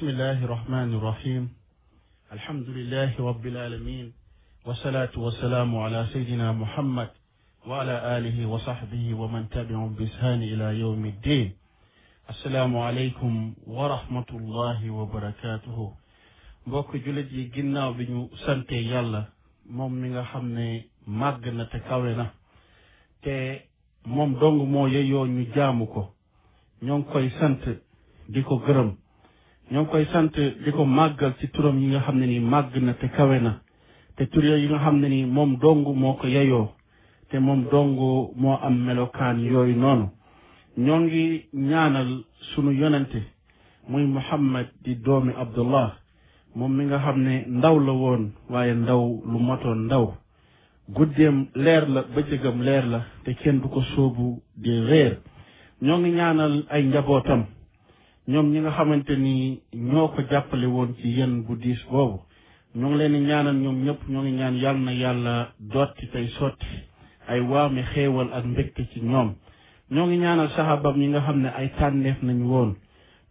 bismillahi irrahmani irrahim alhamdulilahi rabilalamin wasalaatu wasalaamu ala seydina muhammad wa ala alihi wa sahbihi wa man tabiahum bi ishaani ila yowmi iddin asalaamu aleykum wa rahmatullahi wa barakatuhu mbokk jullit yi ginnaaw bi ñu sante yàlla moom mi nga xam ne màgg na te kawe na te moom dong moo yeyoo ñu jaamu ko ñoo ngi koy sant di ko gërëm ñoo koy sant di ko màggal ci turam yi nga xam ne ni màgg na te kawe na te tur yi nga xam ne ni moom dong moo ko yeyoo te moom dong moo am melokaan yooyu noonu ñoo ngi ñaanal sunu yonente muy Muhammad di doomi Abdullah moom mi nga xam ne ndaw la woon waaye ndaw lu matoon ndaw guddeem leer la bëccëgam leer la te kenn du ko sóobu di réer ñoo ngi ñaanal ay njabootam ñoom ñi nga xamante ni ñoo ko jàppalewoon woon ci yéen bu diis boobu ñoo ngi leen di ñaanal ñoom ñëpp ñoo ngi ñaan yàlla na yàlla dotti tey sotti ay waame xéewal ak mbégte ci ñoom ñoo ngi ñaanal saxabam ñi nga xam ne ay tànneef nañu woon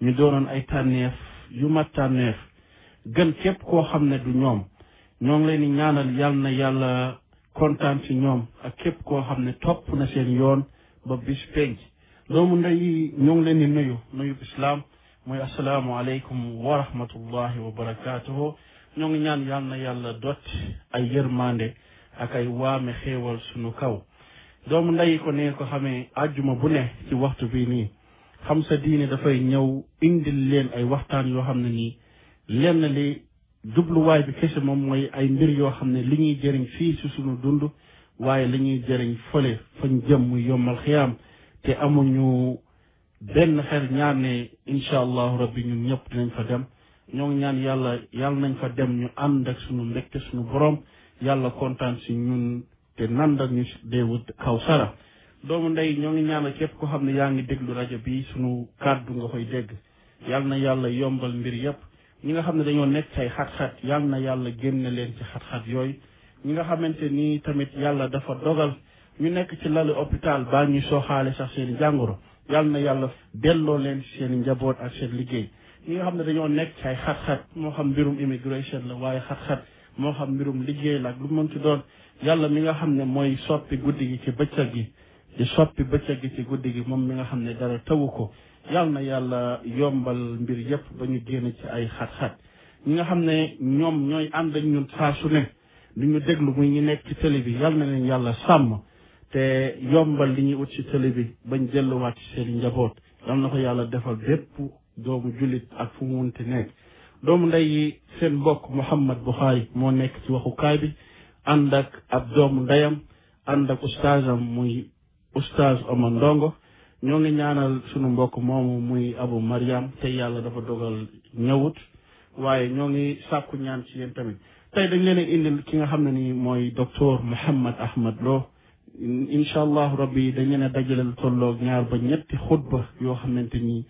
ñu doonoon ay tànneef yu mat tànneef gën képp koo xam ne du ñoom ñoo ngi leen di ñaanal yàlla na yàlla kontaan ci ñoom ak képp koo xam ne topp na seen yoon ba bis penc doomu ndey ñoo ngi leen di nuyu nuyub islaam mooy asalaamualeykum wa rahmatullahi wa barakaatuhu ñoo ngi ñaan yal yàlla dot ay yërmande ak ay waame xéewal sunu kaw doomu ndey ko ne ko xamee àjjuma bu ne ci waxtu bi nii xam sa diine dafay ñëw indi leen ay waxtaan yoo xam ne nii lenn li jubluwaay bi kese moom mooy ay mbir yoo xam ne li ñuy jëriñ fii si sunu dund waaye li ñuy jëriñ fële fañ jëm muy yombal te amuñu benn xel ñaar ne incha allahu rabbi ñun ñëpp dinañ fa dem ñoo ngi ñaan yàlla yàlla nañ fa dem ñu ànd ak suñu mbégte suñu borom yàlla kontaan si ñun te nandal ñu deewu kaw sara doomu ndey ñoo ngi ñaanal képp ko xam ne yaa ngi déglu rajo bi suñu kàddu nga koy dégg yàlla na yàlla yombal mbir yëpp ñi nga xam ne dañoo nekk say xat-xat yàlla na yàlla génne leen ci xat-xat yooyu ñi nga xamante ni tamit yàlla dafa dogal ñu nekk ci lalu hôpital baa ñuy sooxaale sax seen jàngoro yàlla na yàlla delloo leen seen njaboot ak seen liggéey ñi nga xam ne dañoo nekk ci ay xat-xat moo xam mbirum immigration la waaye xat moo xam mbirum liggéey la ak lu mën ci doon yàlla mi nga xam ne mooy soppi guddi gi ci bëccëg gi di soppi bëccëg gi ci guddi gi moom mi nga xam ne dara tawu ko yàlla na yàlla yombal mbir yépp ba ñu génn ci ay xat-xat ñi nga xam ne ñoom ñooy ànd ak ñun saa su ne du ñu déglu muy ñu nekk ci télé bi yàlla na leen yàlla sàmm te yombal li ñuy ut ci télé bi bañ delluwaat ci seen njaboot yal na ko yàlla defal bépp doomu jullit ak fu mu munti nekk doomu ndey seen mbokk Mouhamed Bukhari moo nekk ci waxukaay bi ànd ak ab doomu ndeyam ànd ak ustaasam muy ustaas Omar Ndongo ñoo ngi ñaanal sunu mbokk moomu muy Abu Mariam te yàlla dafa dogal ñëwut waaye ñoo ngi sàkku ñaan ci yéen tamit tey dañ leen a ki nga xam ne nii mooy docteur Mouhamed Ahmed Lo incha allahu rabbi dañu ne dajaleel tolloog ñaar ba ñetti xutba yoo xamante ni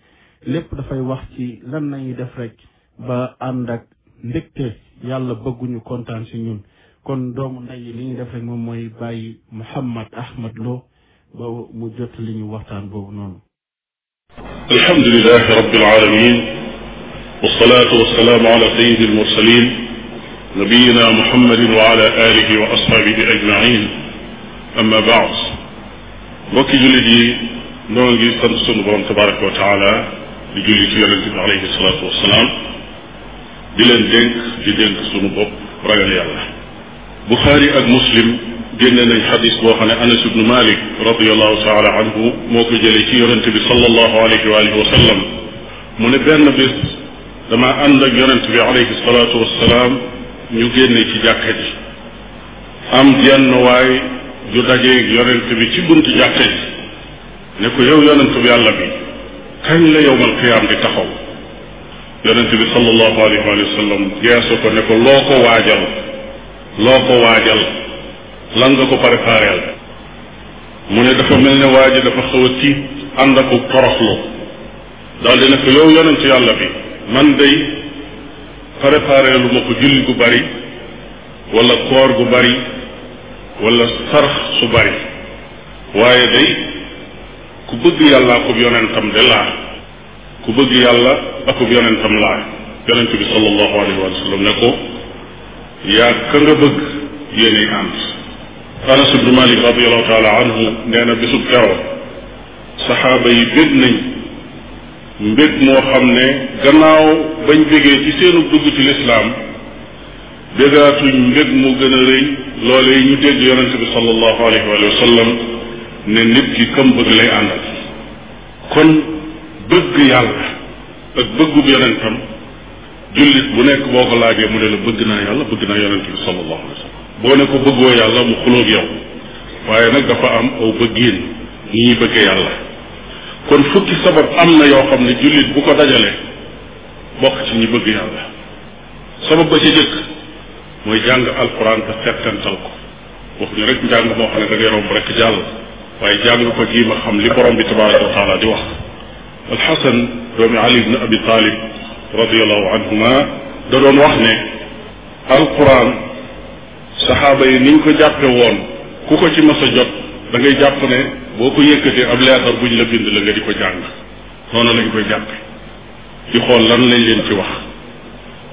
lépp dafay wax ci lan nañuy def rekk ba ànd ak ndégte yàlla bëgguñu kontaan si ñun kon doomu ndey li ñuy def rek moom mooy bàyyi Mouhammad Ahmad Lo ba mu jot li ñu waxtaan boobu noonu alhamdulilah rabbil alamin wasalaatu wasalaamu ala sayyidi almursalin nabiyina muhammadin wa ala wa ashabihi ajmain amma baad mbokki jullit yi noo ngi sant sunu borom tabaraka wa taala di ci yonente bi alayhi salaatu wasalaam di leen dénk di dénk sunu bopp ragal yàlla muslim génne nañ xadis boo xam ne anas ibnu malik radiallahu taala anhu moo ko jëlee ci yonente bi sallallahu alayhi wa alihi wa sallam mu ne benn bés dama ànd ak yonente bi alayhi salaatu wasalaam ñu génne ci jàkka ji am jenn ju dajeeg yonent bi ci bunt jàkka ji ne ko yow yonent bi yàlla bi kañ la yowmal qiyaam di taxaw yonent bi sallallahu alayhi wa sallam geesu ko ne ko loo ko waajal loo ko waajal lan nga ko prépareel mu ne dafa mel ne waa ji dafa xaw a tiit ànd ak toroxlu daldi ne ko yow yonent yàlla bi man day préparé lu ko julli gu bari wala koor gu bari wala sarx su bari waaye day ku bëgg yàlla akub yonentam de laa ku bëgg yàlla akub yonentam laa yonent bi sallallahu alayhi ne ko yaa ka nga bëgg yéenay ànd anas ibnu malik radiallahu saxaaba yi bég nañ mbég moo xam ne gannaaw bañ bégee ci seenu dugg ci déggaatuñ mbég mu gën a rëy loole yi ñu dégg yonente bi sallallahu alayhi wa sallam ne nit ki kam bëgg lay àndal kon bëgg yàlla ak bëggub yonentam jullit bu nekk boo ko laajee mu ne la bëgg naa yàlla bëgg naa yonente bi sallallahu alayhi wa sallam boo ne ko bëggoo yàlla mu xulóog yow waaye nag dafa am aw bëggiin ni ñuy bëgge yàlla kon fukki sabab am na yoo xam ne jullit bu ko dajalee bokk ci ñi bëgg yàlla sabab ba ci jëkk mooy jàng alquran te settantal ko waxuñu rek njàng moo xam ne romb rek jàll waaye jàng ko ma xam li borom bi tabaraka wa taala di wax alxasan doomi ali ibn abi talib radiallahu anhuma da doon wax ne alquran saxaaba yi niñ ko jàppe woon ku ko ci mas a jot da ngay jàpp ne boo ko yëkkatee ab leetar buñ la bind la nga di ko jàng noonu lañ koy jàppe di xool lan lañ leen ci wax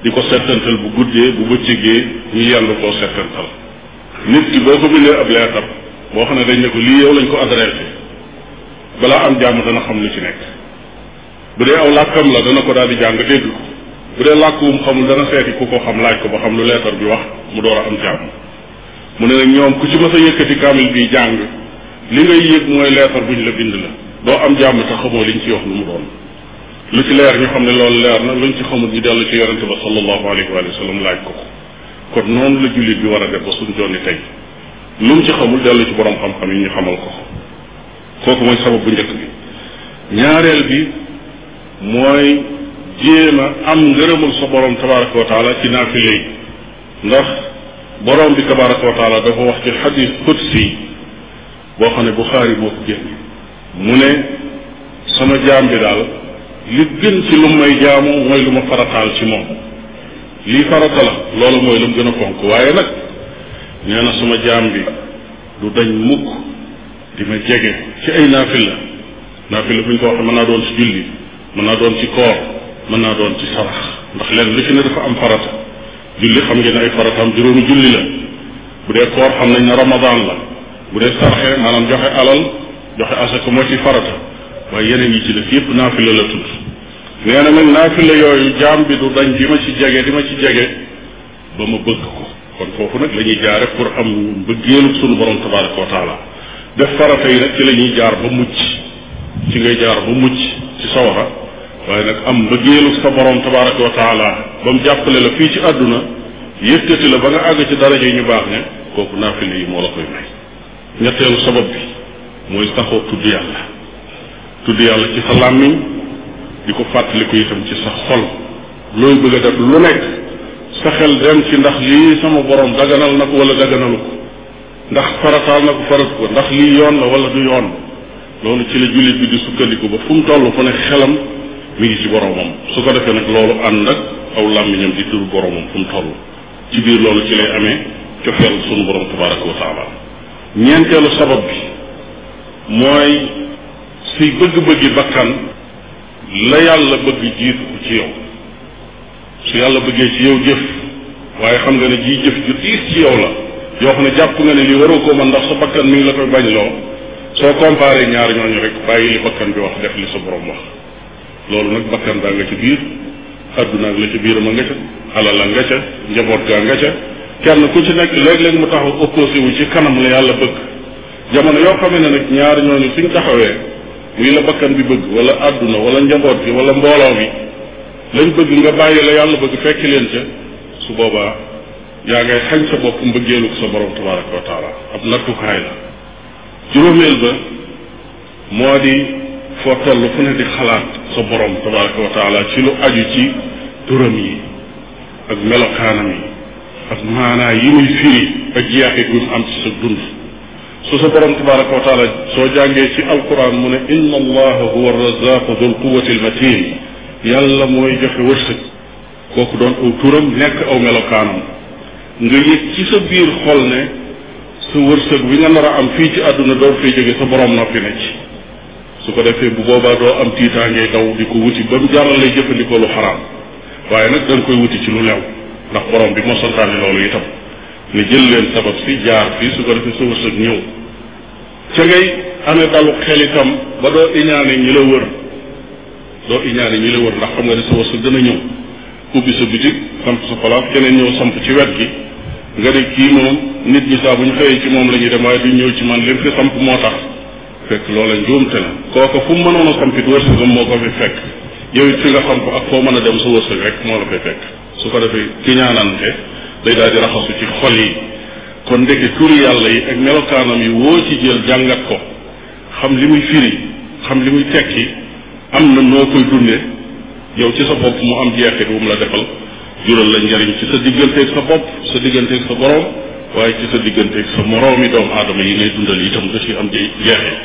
di ko settantal bu guddee bu bëccëgee ñu yàlla koo settantal nit ki boo ko bindee ab leetar boo xam ne dañ ne ko lii yow lañ ko adressé balaa am jàmm dana xam lu ci nekk bu dee aw làkkam la dana ko daal di jàng dégg ko bu dee làkk wu mu xamul dana seeti ku ko xam laaj ko ba xam lu leetar bi wax mu doo a am jàmm mu ne nag ñoom ku ci mës a yëkkati kaamil bi jàng li ngay yëg mooy leetar ñu la bind la doo am jàmm te xamoo liñ ci wax lu mu doon lu ci leer ñu xam ne loolu leer na luñ ci xamul ñu dellu ci yonente ba sallallahu alayhi wa sallam laaj ko ko kon noonu la jullit bi war a def ba suñ jooni tey lu mu ci xamul dellu ci borom xam-xam yi ñu xamal ko kooku mooy sabab bu njëkk bi ñaareel bi mooy jéem a am ngërëmul sa borom tabaraka wa ci naafile yi ndax borom bi tabaraka wa taala dafa wax ci xadis qudsi boo xam ne Buxaari moo ko génn mu ne sama jaam bi daal li gën ci lu may jaamu mooy lu ma farataal ci moom lii farata la loolu mooy lu mu gën a konk waaye nag nee na suma jaam bi du dañ mukk di ma jege ci ay naafila la bu ñu ko waxee mën naa doon ci julli mën naa doon ci koor mën naa doon ci sarax ndax leen lu ci ne dafa am farata julli xam ngeen ne ay farataam juróomi julli la bu dee koor xam nañ ne ramadan la bu dee saraxe maanaam joxe alal joxe asaka moo ci farata waaye yeneen yi ci def yépp naafila la tudd nee na nag naafila yooyu jaam bi du dañ bi ma ci jege di ma ci jege ba ma bëgg ko kon foofu nag la ñuy jaare pour am mbëggeelu sunu borom tabaraka wa taala def farata yi nag ci la ñuy jaar ba mucc ci ngay jaar ba mucc ci sawara waaye nag am mbëggeelu sa borom tabaraka wa ba mu jàppale la fii ci àdduna yëkkati la ba nga àgg ci daraja yi ñu baax ne kooku naafila yi moo la koy may ñetteelu sabab bi mooy saxoo tudd tudd yàlla ci sa làmmiñ di ko fàttaliku itam ci sa xol looy bëgg a def lu nekk sa xel dem ci ndax lii sama borom daganal na ko wala daganalu ko ndax farataal na ko farat ko ndax lii yoon la wala du yoon loolu ci la jullit bi di sukkandiku ba fu mu toll fu ne xelam mi ngi ci boromam su ko defee nag loolu ànd ak aw làmmiñam di tur boromam fu mu toll ci biir loolu ci lay amee cofeel sunu borom tabaraka wa taala ñeenteelu sabab bi mooy say bëgg-bëggi bakkan la yàlla bëgg jiitu ko ci yow su yàlla bëggee ci yow jëf waaye xam nga ne jii jëf ju diis ci yow la yoo xam ne jàpp nga ne li waroo ko mën ndax sa bakkan mi ngi la koy bañ loo soo comparé ñaar ñooñu rek bàyyi li bakkan bi wax def li sa borom wax loolu nag bakkan baa nga ci biir adduna ak la ci biiram a nga ca alal a nga ca njaboot gaa nga ca kenn ku ci nekk léeg-léeg mu taxaw opposé wu ci kanam la yàlla bëgg jamono yoo xam ne nag ñaar ñooñu suñ taxawee muy la bakkan bi bëgg wala àdduna wala njaboot bi wala mbooloo mi lañ bëgg nga bàyyi la yàlla bëgg fekk leen ca su boobaa yaa ngay xañ sa bopp mbëggeelu sa borom tabaraka wa ab nattukaay la juróomeel ba moo di foo toll fu ne di xalaat sa boroom tabaraka wa taala ci lu aju ci turam yi ak melokaanam yi ak maanaa yi muy firi ak yaaxit bi am ci sa dund su sa borom tabaraka wa taala soo jàngee ci alquran mu ne inna allaha huwa razaqu dul quwati almatin yàlla mooy joxe wërsëg kooku doon aw turam nekk aw melokaanam nga yëg ci sa biir xol ne sa wërsëg bi nga nar a am fii ci àdduna doo fee jóge sa borom noppi na ci su ko defee bu boobaa doo am tiitaangee daw di ko wuti ba mu jaral lay jëfandikoo lu xaraam waaye nag da koy wuti ci lu lew ndax borom bi moo santaane loolu itam ne jël leen sabab si jaar fii su ko defee sa wërsëg ñëw ca ngay amee dalu xel itam ba doo iñaane ñi la wër doo iñaane ñi la wër ndax xam nga ne sa wërsëg dana ñëw ubbi sa bitig samp sa palaas keneen ñëw samp ci wet gi nga ne kii moom nit ñi saa bu ñu xëyee ci moom la ñuy dem waaye duñ ñëw ci man lim fi samp moo tax fekk loola njuumte la kooka fu mu mënoon a sampit wërsëgam moo ko fi fekk yow it fi nga samp ak foo mën a dem sa wërsëg rek moo la fay fekk su ko defee ki ñaanante day daal di raxasu ci xol yi kon ndeke turu yàlla yi ak melokaanam yi woo ci jël jàngat ko xam li muy firi xam li muy tekki am na noo koy dunde yow ci sa bopp mu am jeexit wu la defal jural la njariñ ci sa digganteeg sa bopp sa digganteeg sa boroom waaye ci sa digganteeg sa moroomi doomu aadama yi ngay dundal itam da ci am jeexit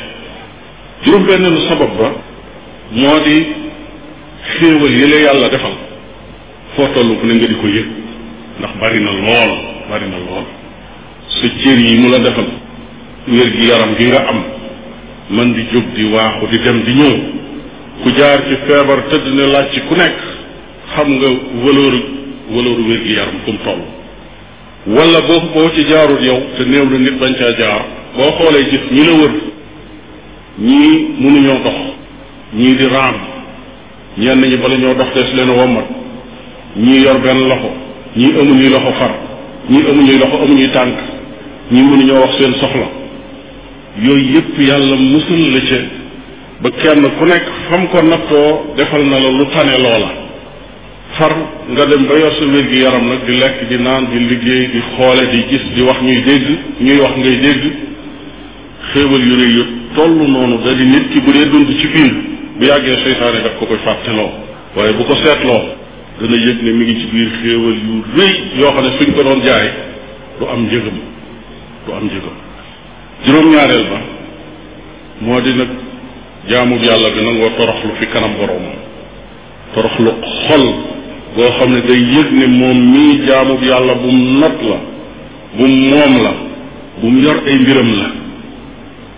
juróom benneelu sabab ba moo di xéewal yi yàlla defal foo tollu ku ne nga di ko yëg ndax bari na lool bari na lool sa cër yi mu la defal wér gi yaram gi nga am man di jóg di waaxu di dem di ñëw ku jaar ci feebar tëdd ne laaj ci ku nekk xam nga valeur valeur gi yaram fu mu toll wala boo boo ci jaarul yow te néew na nit bañ caa jaar boo xoolee gis ñi la wër ñii mënuñoo dox ñii di raam ñenn ñi bala ñoo dox des leen wommat ñii yor benn loxo ñii amuñuy loxo far ñii amuñuy loxo amuñuy tànk ñii mënuñoo wax seen soxla yooyu yépp yàlla musul la ca ba kenn ku nekk fam ko nattoo defal na la lu tane la far nga dem ba yor sa wér gi yaram nag di lekk di naan di liggéey di xoole di gis di wax ñuy dégg ñuy wax ngay dégg xéewal yu rëy yu toll noonu da di nit ki bu dee dund ci biir bu yàggee seytaane daf ko koy fàtteloo waaye bu ko seetloo dana yëg ne mi ngi ci biir xéewal yu rëy yoo xam ne suñ ko doon jaay du am njëgam du am njëgam juróom-ñaareel ba moo di nag jaamu yàlla bi nangoo toroxlu fi kanam borom toroxlu xol boo xam ne day yëg ne moom mii jaamu yàlla bu mu not la bu mu moom la bu mu yor ay mbiram la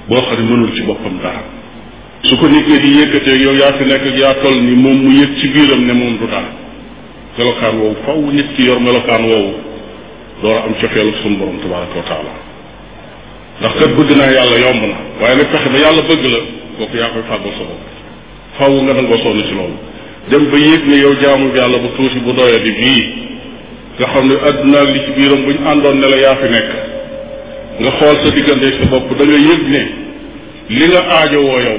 boo xam ne mënul ci boppam dara su ko nit ñi di yëkkatee yow yaa fi nekk yaa toll ni moom mu yëg ci biiram ne moom du dara melokaan woowu faw nit ki yor melokaan woowu door am cofeelu suñu borom tabaraka wa ndax kat bëgg naa yàlla yomb na waaye nag fexe ba yàlla bëgg la kooku yaa koy fàggul sa bopp faw nga nangoo sonn ci loolu dem ba yéeg ne yow jaamu yàlla bu tuuti bu doya bii nga xam ne àdduna li ci biiram bu ñu àndoon ne yaa fi nekk nga xool sa diggante sa bopp da nga yëg ne li nga aajowoo yow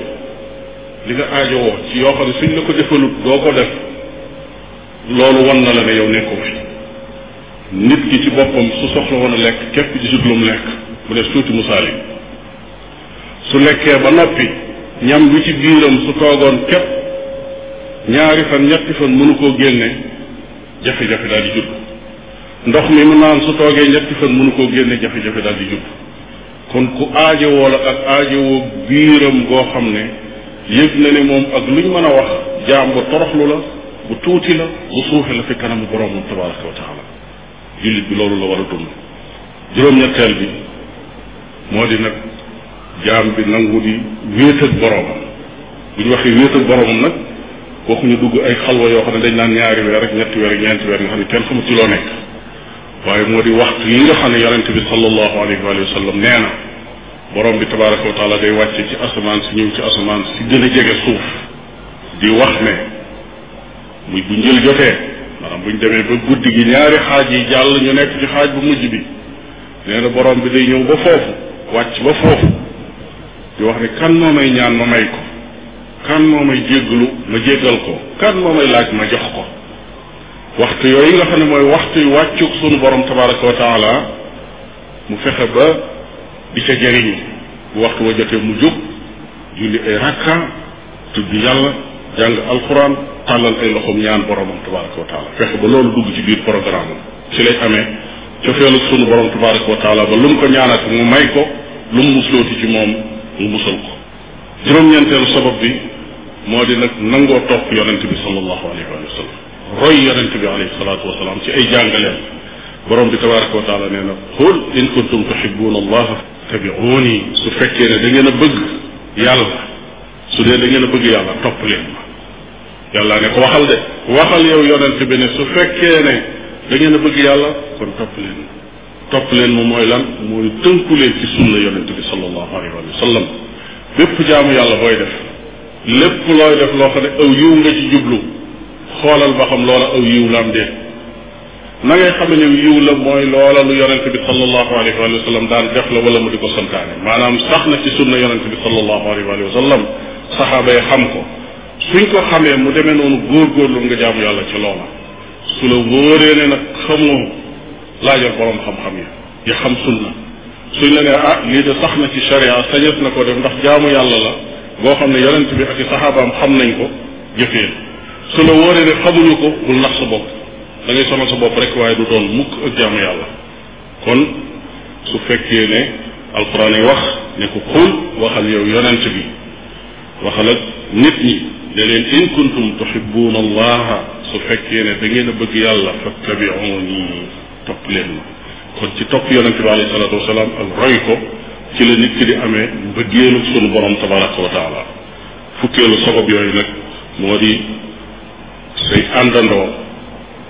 li nga aajowoo ci yoo xam ne suñ la ko defalut doo ko loolu wan na la ne yow nekkoo fi nit ki ci boppam su soxla woon a lekk képp gisut lu mu lekk mu def tuuti musaali su lekkee ba noppi ñam wi ci biiram su toogoon képp ñaari fan ñetti fan mënu koo génne jafe-jafe daal di jub ndox mi mu naan su toogee ñetti fan mënu koo génne jafe-jafe daal di jub kon ku aajowoo la ak aajowoo biiram goo xam ne yëg na ne moom ak luñ mën a wax jaam ba toroxlu la bu tuuti la bu suufe la fi kanamu boroomam tabaraka wa taala jullit bi loolu la war a dund juróom-ñetteel bi moo di nag jaam bi nangu di wéet ak boroomam bu ñu waxee wéet ak boroomam nag waxuñu dugg ay xalwa yoo xam ne dañ naan ñaari weer ak ñetti weer ak ñeenti weer nga xam ne kenn xamut ci loo nekk waaye moo di waxtu yi nga xam ne yonente bi sallallahu alayhi wa sallam nee na borom bi tabaraka wa taala day wàcce ci asamaan si ñëw ci asamaan si gën a wax ne muy bu njël jotee maanaam bu ñu demee ba guddi gi ñaari xaaj yi jàll ñu nekk ci xaaj bu mujj bi nee borom bi day ñëw ba foofu wàcc ba foofu di wax ne kan moo may ñaan ma may ko kan moo may jéggalu ma jéggal ko kan moo may laaj ma jox ko waxtu yooyu nga xam ne mooy waxtu yu wàccug sunu borom tabaraka wa mu fexe ba di ca jëriñu bu waxtu wa jotee mu jóg julli ay rakka tudd yàlla jàng alquran tàllal ay loxoom ñaan boromam tabaraka wa taala fexe ba loolu dugg ci biir programme ci lay amee cofeelu sunu borom tabaraka wa taala ba lu mu ko ñaanati mu may ko lu mu muslooti ci moom mu musal ko juróom-ñeenteelu sabab bi moo di nag nangoo topp yoon bi sallallahu alayhi wa sallam roy yonent bi alayhi salaatu wa ci ay jàngaleen borom bi tabaraka wa taala nee na qul in kuntum tuhibbuna allaha fattabi'uni su fekkee ne da ngeen a bëgg yàlla su dee da ngeen a yàlla topp leen yàlla ne ko waxal de waxal yow yonent bi ne su fekkee ne da ngeen a bëgg yàlla kon topp leen topp leen moom mooy lan mooy tënku leen ci sunna yonent bi sallallahu alayhi wa sallam bépp jaamu yàlla booy def lépp looy def loo xam ne aw yiw nga ci jublu xoolal ba xam loola aw yiw la am de na ngay xam ne yiw la mooy loola lu yonent bi sallallahu alayhi wa sallam daan def la wala mu di ko santaane maanaam sax na ci sunna yonent bi sallallahu alayhi wa sallam saxaaba yi xam ko suñ ko xamee mu demee noonu góorgóorlu nga jaamu yàlla ci loola su la wóoree ne nag xamoo laajal borom xam-xam ya yi xam sunna suñ la nee ah lii de sax na ci sharia sañes na ko def ndax jaamu yàlla la boo xam ne yonent bi ak i saxaabaam xam nañ ko jëfee su la wóoree ne xamuñu ko bul nax sa bopp da ngay sa bopp rek waaye du doon mukk ak jaamu yàlla kon su fekkee ne alquran wax ne ko xul waxal yow yonent bi waxal ak nit ñi ne leen in kuntum tuhibuuna allaha fekkee ne da ngeen a bëgg yàlla fattabiuni topp leen ma kon ci topp yonente bi ak roy ko ci la nit ki di amee mbëggeelu sunu borom tabaraka wa taala fukkeelu sabab yooyu nag moo di say àndandoo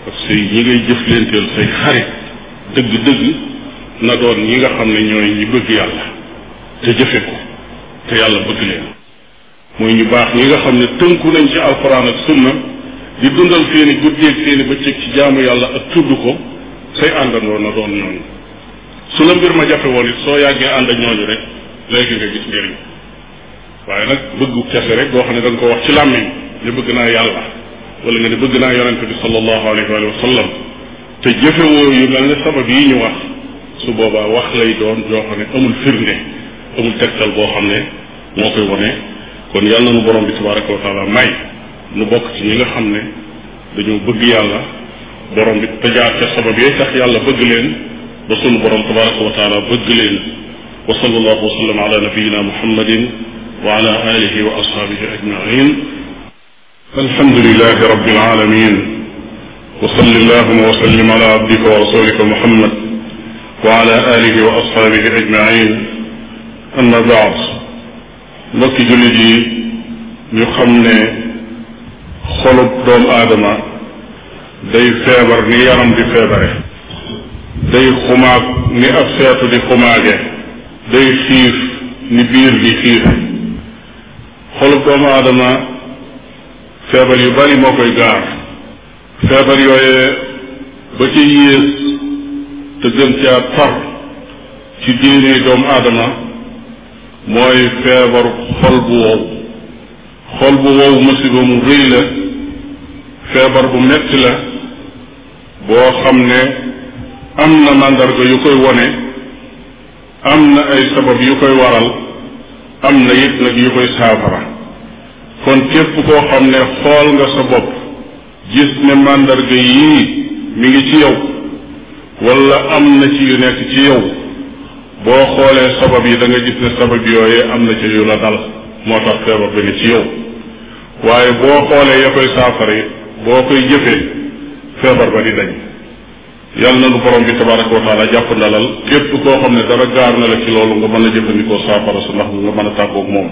ak say ñi ngay jëflenteel say xarit dëgg-dëgg na ñi nga xam ne ñooy ñi bëgg yàlla te jëfe ko te yàlla bëgg leen mooy ñu baax ñi nga xam ne tënku nañ ci alquran ak sunna di dundal seeni guddeeg ba bëccëg ci jaamu yàlla ak tudd ko say àndandoo na doon ñooñu su la mbir ma jafe woon it soo yàggee ànd ak ñooñu rek léegi nga gis njëriñ waaye nag bëggu kese rek goo xam ne da ko wax ci làmmiñ ne bëgg naa yàlla wala nga ne bëgg naa yonente bi sallallahu alayhi wa sallam te jëfewoo yu mel ne sabab yi ñu wax su boobaa wax lay doon joo xam ne amul firnde amul tegtal boo xam ne moo koy wone kon yàlla na nu borom bi tabaraka wa taala may nu bokk ci ñi nga xam ne dañoo bëgg yàlla borom bi te jaar ca sabab yooyu tax yàlla bëgg leen ba sunu borom tabaraka wa taala bëgg leen wa sallallahu wa sallam ala nabiyina muhammadin wa ala alihi wa ashabihi ajmain alhamdulilahi rabbil alamin wa salli allahuma wa sallim ala abdika wa rasulika muhammad wa ala alihi wa ashabihi ajmain amma baad mbokki jullit yi ñu xam ne xolub doomu aadama day feebar ni yaram di feebare day xumaag ni ab seetu di xumaage day xiif ni biir di xiife xolub doomu aadama feebar yu bari moo koy gaar feebar yooye ba ci yées te gën caa tar ci diine doomu aadama mooy feebaru xol bu wow xol bu wow musiba mu rëy la feebar bu metti la boo xam ne am na màndarga yu koy wone am na ay sabab yu koy waral am na it nag yu koy saafara kon képp koo xam ne xool nga sa bopp gis ne màndarga yii mu ngi ci yow wala am na ci yu nekk ci yow boo xoolee sabab yi da nga gis ne sabab yooyee am na ci yu la dal moo tax feebar bi nga ci yow waaye boo xoolee ya koy saafara it boo koy jëfee feebar ba di dañ yàlla na nu borom bi tabaraka a taala jàpp ndalal képp koo xam ne dara gaar na la ci loolu nga mën a jëfandikoo saafara su ndax nga mën a tàggoog moom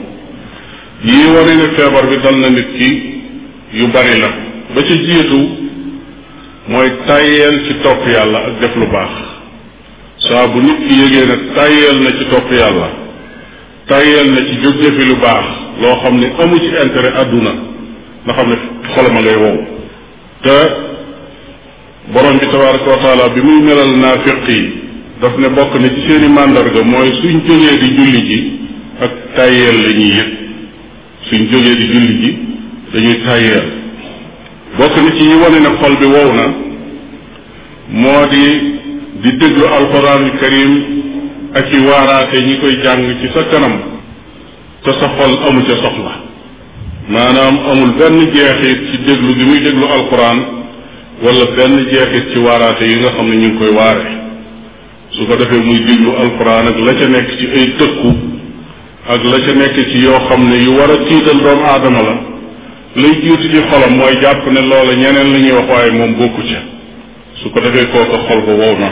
yii wane ne feebar bi dal na nit ki yu bari la ba ci jiitu mooy tàyyeel ci topp yàlla ak def lu baax saa bu nit ki yëgee ne tàyyeel na ci topp yàlla tàyyeel na ci jóg jëfi lu baax loo xam ni amu ci intérêt àdduna nga xam ne xolam a ngay wow te borom bi tabaraka wa taala bi muy melal naafiq yi daf ne bokk na ci seeni màndarga mooy suñ jógee di julli ji ak tàyyeel la ñuy yëg suñ jógee di julli ji dañuy tàyyeel bokk na ci yi wane ne xol bi wow na moo di di déglu alxuraanul karim ak i waaraate ñi koy jàng ci sa kanam te sa amu ca soxla maanaam amul benn jeexit ci déglu gi muy déglu alxuraan wala benn jeexit ci waaraate yi nga xam ne ñu ngi koy waare su ko defee muy déglu alxuraan ak la ca nekk ci ay tëkku ak la ca nekk ci yoo xam ne yu war a tiital doomu aadama la lay jiitu ci xolam mooy jàpp ne loola ñeneen la ñuy wax waaye moom bokku ca su ko defee kooka xol ba wow na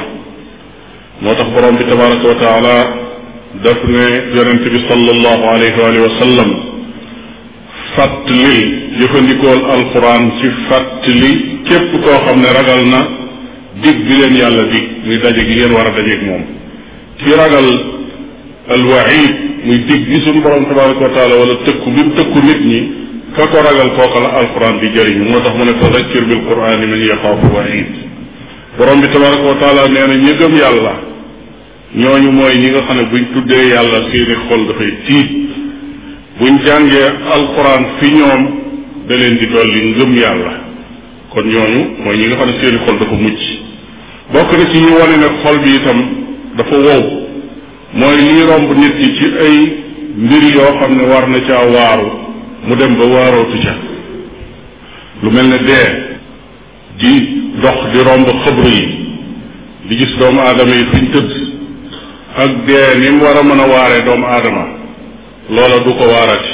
moo tax borom bi tabaraka wa taala daf ne yonente bi sallallahu alayhi wa alihi wa sallam fàttali jëfandikool alquran ci fàttali képp koo xam ne ragal na dig bi leen yàlla dig muy daje gi ngeen war a dajeeg moom ci ragal alwaid muy dig bi suñu borom tabaraka wa taala wala tëkku bi mu tëkku nit ñi ka ko ragal kooka la alquran bi jëriñ moo tax mu ne tadakkir bil qurani man yaxaafu waid borom bi tabaraka wa taala nee na ñi gëm yàlla ñooñu mooy ñi nga xam ne buñ tuddee yàlla seeni xol dafay tiit buñ jàngee alxuraan fi ñoom da leen di dolli ngëm yàlla kon ñooñu mooy ñi nga xam ne seeni xol dafa mucc bokk na ci ñu wane ne xol bi itam dafa wow mooy lii romb nit yi ci ay mbir yoo xam ne war na caa waaru mu dem ba waarootu ca lu mel ne dee di dox di romb xëbru yi di gis doomu aadama yi fuñ tëdd ak dee ni mu war a mën a waare doomu aadama loola du ko waarati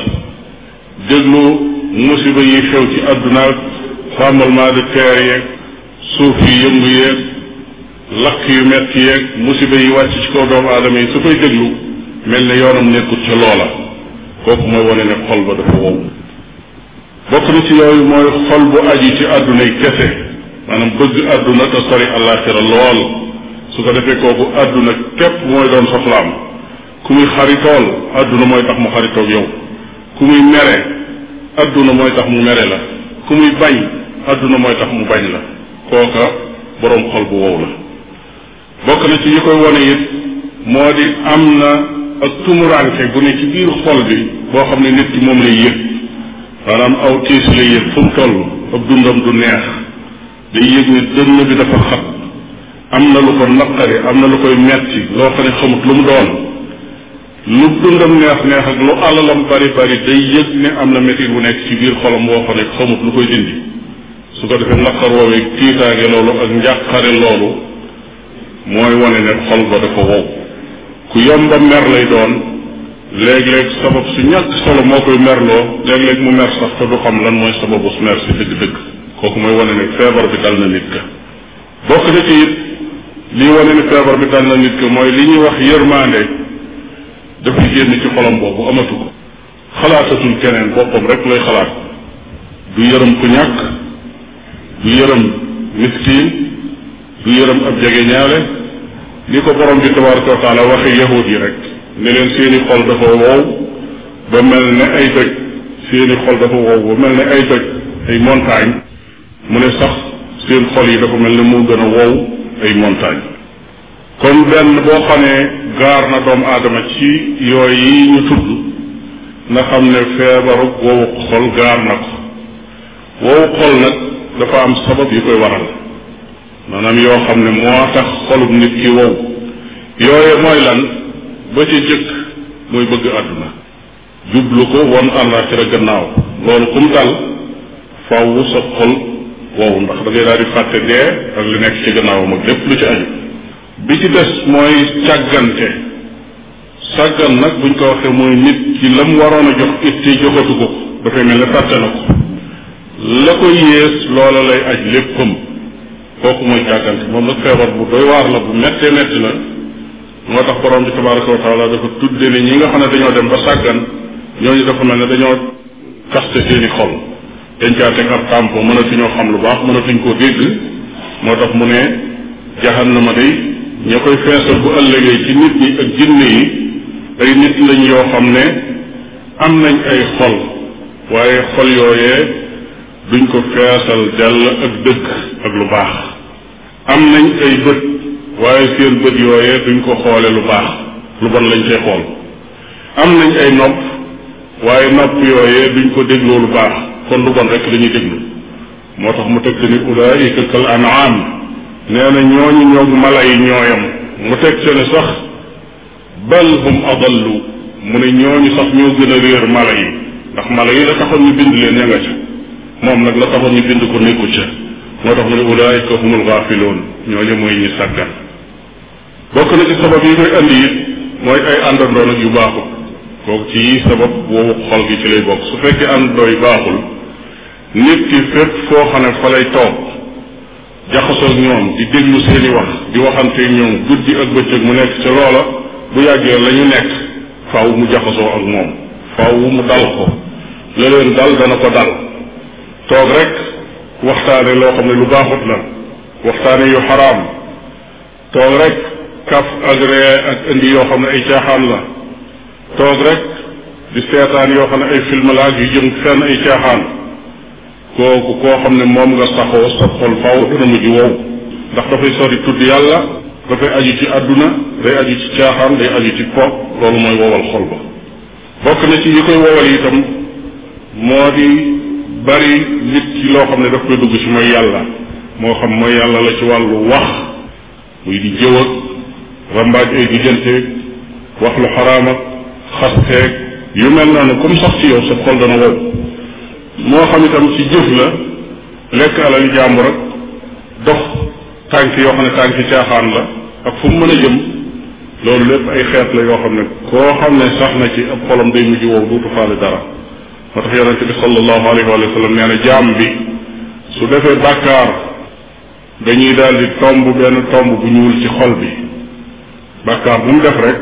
déglu musiba yi xew ci àdduna ak tremblement de terre yeeg suuf yi yëngu yeeg lakk yu metti yeeg musiba yi wàcc ci kaw doomu aadama yi su koy déglu mel na yoonam nekkut ca loola kooku mooy wane ne xol ba dafa wow bokk na ci yooyu mooy xol bu aji ci àddunay kese maanaam bëgg àdduna te sori àllaaxira lool su ko defee kooku àdduna képp mooy doon soxlaam ku muy xaritool àdduna mooy tax mu xaritoog yow ku muy mere àdduna mooy tax mu mere la ku muy bañ àdduna mooy tax mu bañ la kooka boroom xol bu wow la bokk na ci yi koy wone it moo di am na ak tumuranke bu ne ci biir xol bi boo xam ne nit ki moom lay yëg maanaam aw tiis lay yëg fu mu toll ab dundam du neex day yëg ne dënn bi dafa xat am na lu ko naqari am na lu koy metti loo xam ne xamut lu mu doon lu dundam neex neex ak lu alalam bari bari day yëg ni am na metti bu nekk ci biir xolam woo xam ne xamut lu koy dindi su ko defee naqar woowee tiitaage loolu ak njàqare loolu mooy wane ne xol ba dafa wow ku yomba mer lay doon léegi léeg sabab su ñàkk solo moo koy merloo léeg-léeg mu mer sax te du xam lan mooy sababu mer si dëgg-dëgg kooku mooy wane ne feebar bi dal na nit ka bokk na ci it lii wane ni feebar bi dal na nit ki mooy li ñuy wax yërmaande dafay génn ci xolam boobu amatu ko xalaatatul keneen boppam rek lay xalaat du yërëm ku ñàkk du yërëm miskin du yërëm ab jege ñaale ni ko borom bi tabaraka wa taala yi rek ne leen seeni xol dafa wow ba mel ne ay doj seeni xol dafa wow ba mel ni ay doj ay montagne mu ne sax seen xol yi dafa mel ne moo gën a wow ay montagne kon benn boo xamee gaar na doomu aadama ci yooyu yi ñu tudd na xam ne feebaru wowu xol gaar na ko wowu xol nag dafa am sabab yi koy waral maanaam yoo xam ne moo tax xolub nit ki wow yooye mooy lan ba ci jëkk mooy bëgg àdduna jublu ko won àllaaxira gannaaw loolu kum dal faww sa xol woowu ndax da ngay daal di fàtte dee ak lu nekk ci gannaawam ak lépp lu ci aju bi ci des mooy càggante sàggan nag buñ ko waxee mooy nit ci la mu waroon a jox itti joxatu ko dafay mel ne fàtte na ko la ko yées loola lay aj léppam kooku mooy càggante moom nag feebar bu doy waar la bu mettee metti la moo tax borom bi tabaraka wa taala dafa tudde ni ñi nga xam ne dañoo dem ba sàggan ñooñu dafa mel ne dañoo kaste seeni xol dañ caa teg ab tampon mënatuñoo xam lu baax mënatuñ koo dégg moo tax mu ne jahannama day ña koy feesal bu ëllëgee ci nit ñi ak jinne yi ay nit lañ yoo xam ne am nañ ay xol waaye xol yooyee duñ ko feesal dell ak dëkk ak lu baax am nañ ay bët waaye seen bët yooyee duñ ko xoole lu baax lu bon lañ cay xool am nañ ay nopp waaye nopp yooyee duñ ko dégloo lu baax kon lu bon rek la ñuy déglu moo tax mu teg te ni ulaayika kal an'am nee ñooñu ñoog mala yi ñooyam mu teg te ne sax bal hum adallu mu ne ñooñu sax ñoo gën a réer mala yi ndax mala yi la taxoon ñu bind leen ña ca moom nag la taxoon ñu bind ko nekku ca moo tax mu ne ulaayika humul gaafiloon ñooñu mooy ñi sàggan bokk na ci sabab yi koy andi it mooy ay àndandoo nag yu baaxul kooku ci yi sabab woowu xol gi ci lay bokk su fekkee àndandoo yu baaxul nit ki fépp foo xam fa lay toog jaxasoog ñoom di déglu seeni wax di waxanteeg ñoom guddi ak bëccëg mu nekk ca loola bu yàggee lañu ñu nekk faaw mu jaxasoo ak moom faaw mu dal ko la leen dal dana ko dal toog rek waxtaane loo xam ne lu baaxut la waxtaane yu xaraam toog rek kaf ak ak indi yoo xam ne ay caaxaan la toog rek di seetaan yoo xam ne ay film la yu jëm fenn ay caaxaan kooku koo xam ne moom nga saxoo sa xol faw dana mujj wow ndax dafay sori tudd yàlla dafay aju ci àdduna day aju ci caaxaan day aju ci pop loolu mooy wowal xol ba bokk na ci yi koy wowal itam moo di bari nit ci loo xam ne daf koy dugg ci mooy yàlla moo xam mooy yàlla la ci wàllu wax muy di jëw ak rambaaj ay digganteeg wax lu xaraam ak xasteeg yu mel noonu comme sax ci yow sa xol dana wow moo xam itam ci jëf la lekk alal jàmbur ak dox tànk yoo xam ne tànki caaxaan la ak fu mu mën a jëm loolu lépp ay xeet la yoo xam ne koo xam ne sax na ci ab xolam day mujj wow duutu faale dara moo tax yonente bi sallallahu alayhi wa sallam nee su defee bàkkaar dañuy daldi di tomb benn tomb bu ñuul ci xol bi bàkkaar bu mu def rek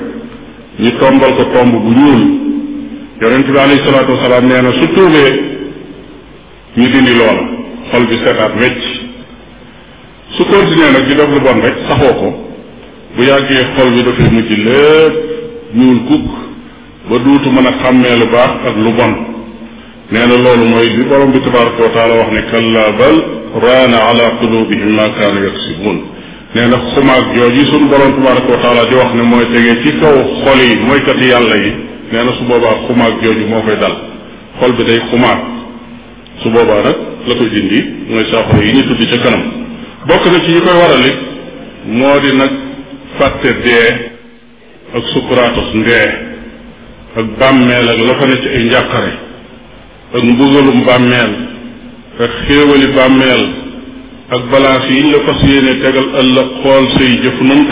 ñu tombal ko tomb bu ñuul yonente bi alayhi salaatu wasalaam nee na su tuubee ñu dindi lool xol bi seetaat wecc su continuer nag di def lu bon rek saxoo ko bu yàggee xol bi dafay mujj lépp ñuul kukk ba duutu mën a xàmmee lu baax ak lu bon nee na loolu mooy li borom bi tabaraka wa taala wax ne kalla bal raana ala qulubihim ma kaanu yaksibuun nee na xumaag jooju yi borom tabaraka wa taala di wax ne mooy tegee ci kaw xol yi mooy kat yàlla yi nee na su boobaa xumaag jooju moo koy dal xol bi day xumaag su boobaa nag la koy dindi mooy saafara yi ñu tudd ca kanam bokk na ci yi koy waral it moo di nag fàtte dee ak sukuraatus ndee ak bàmmeel ak la fa ne ci ay njàqare ak mbugalum bàmmeel ak xéewali bàmmeel ak balaas yiñ la fas yéene tegal ëllëg xool say jëf nu mu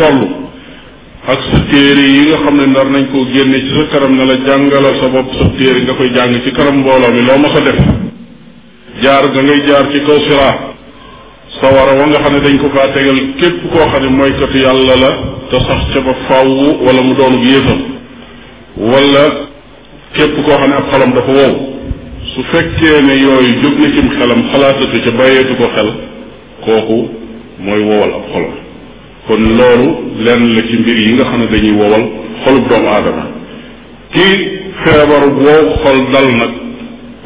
ak sa téere yi nga xam ne nar nañ koo génne ci sa kanam ne la jàngalal sa bopp sa téere nga koy jàng ci kanam mbooloo mi loo ma sa def jaar da ngay jaar ci kaw siraat sawara wa nga xam ne dañ ko faa tegal képp koo xam ne mooykatu yàlla la te sax ca ba fàww wala mu doonub yéefam wala képp koo xam ne ab xalam dafa wow su fekkee ne yooyu jóg na cim xelam xalaatatu ca bàyyeetu ko xel kooku mooy wowal ab xolam kon loolu lenn la ci mbir yi nga xam ne dañuy wowal xolub doomu aadama kii feebaru wow xol dal nag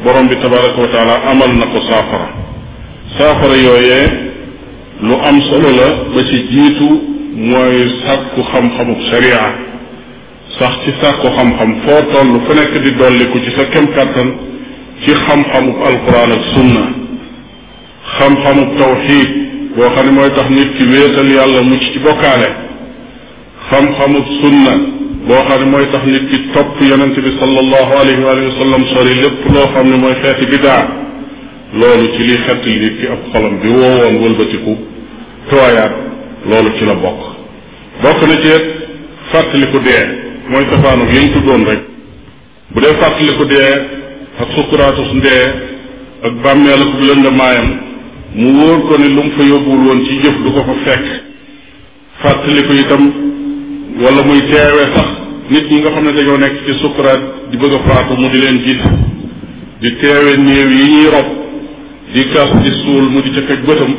borom bi tabaraka wa taala amal na ko saafara saafara yooyee lu am solo la ba ci jiitu mooy sàkku xam-xamu sharia sax ci sàkku xam-xam foo toll fu nekk di dolliku ci sa kem kàttan ci xam-xamu alquran ak sunna xam-xamu tawxid boo xam mooy tax nit ki wéetal yàlla mucc ci bokkaale xam-xamu sunna boo xam ne mooy tax nit ki topp yonent bi sallallahu alayhi lépp loo xam ne mooy xeeti bidaa loolu ci liy xettali nit ki ab xolam bi woowoon wëlbatiku tooyaat loolu ci la bokk bokk na ci fàttaliku dee mooy safaanu yañ tuddoon rek bu dee fàttaliku dee ak sukkuraatus ndee ak bàmmeel ak lënd maayam mu wóor ko ni lu mu fa yóbbuwul woon ci jëf du ko fa fekk fàttaliku itam wala muy teewee sax nit ñi nga xam ne dañoo nekk ci sukuraat di bëgg a faatu mu di leen jiit di teewee néew yi ñuy rob di gas di suul mu di ca teg bëtam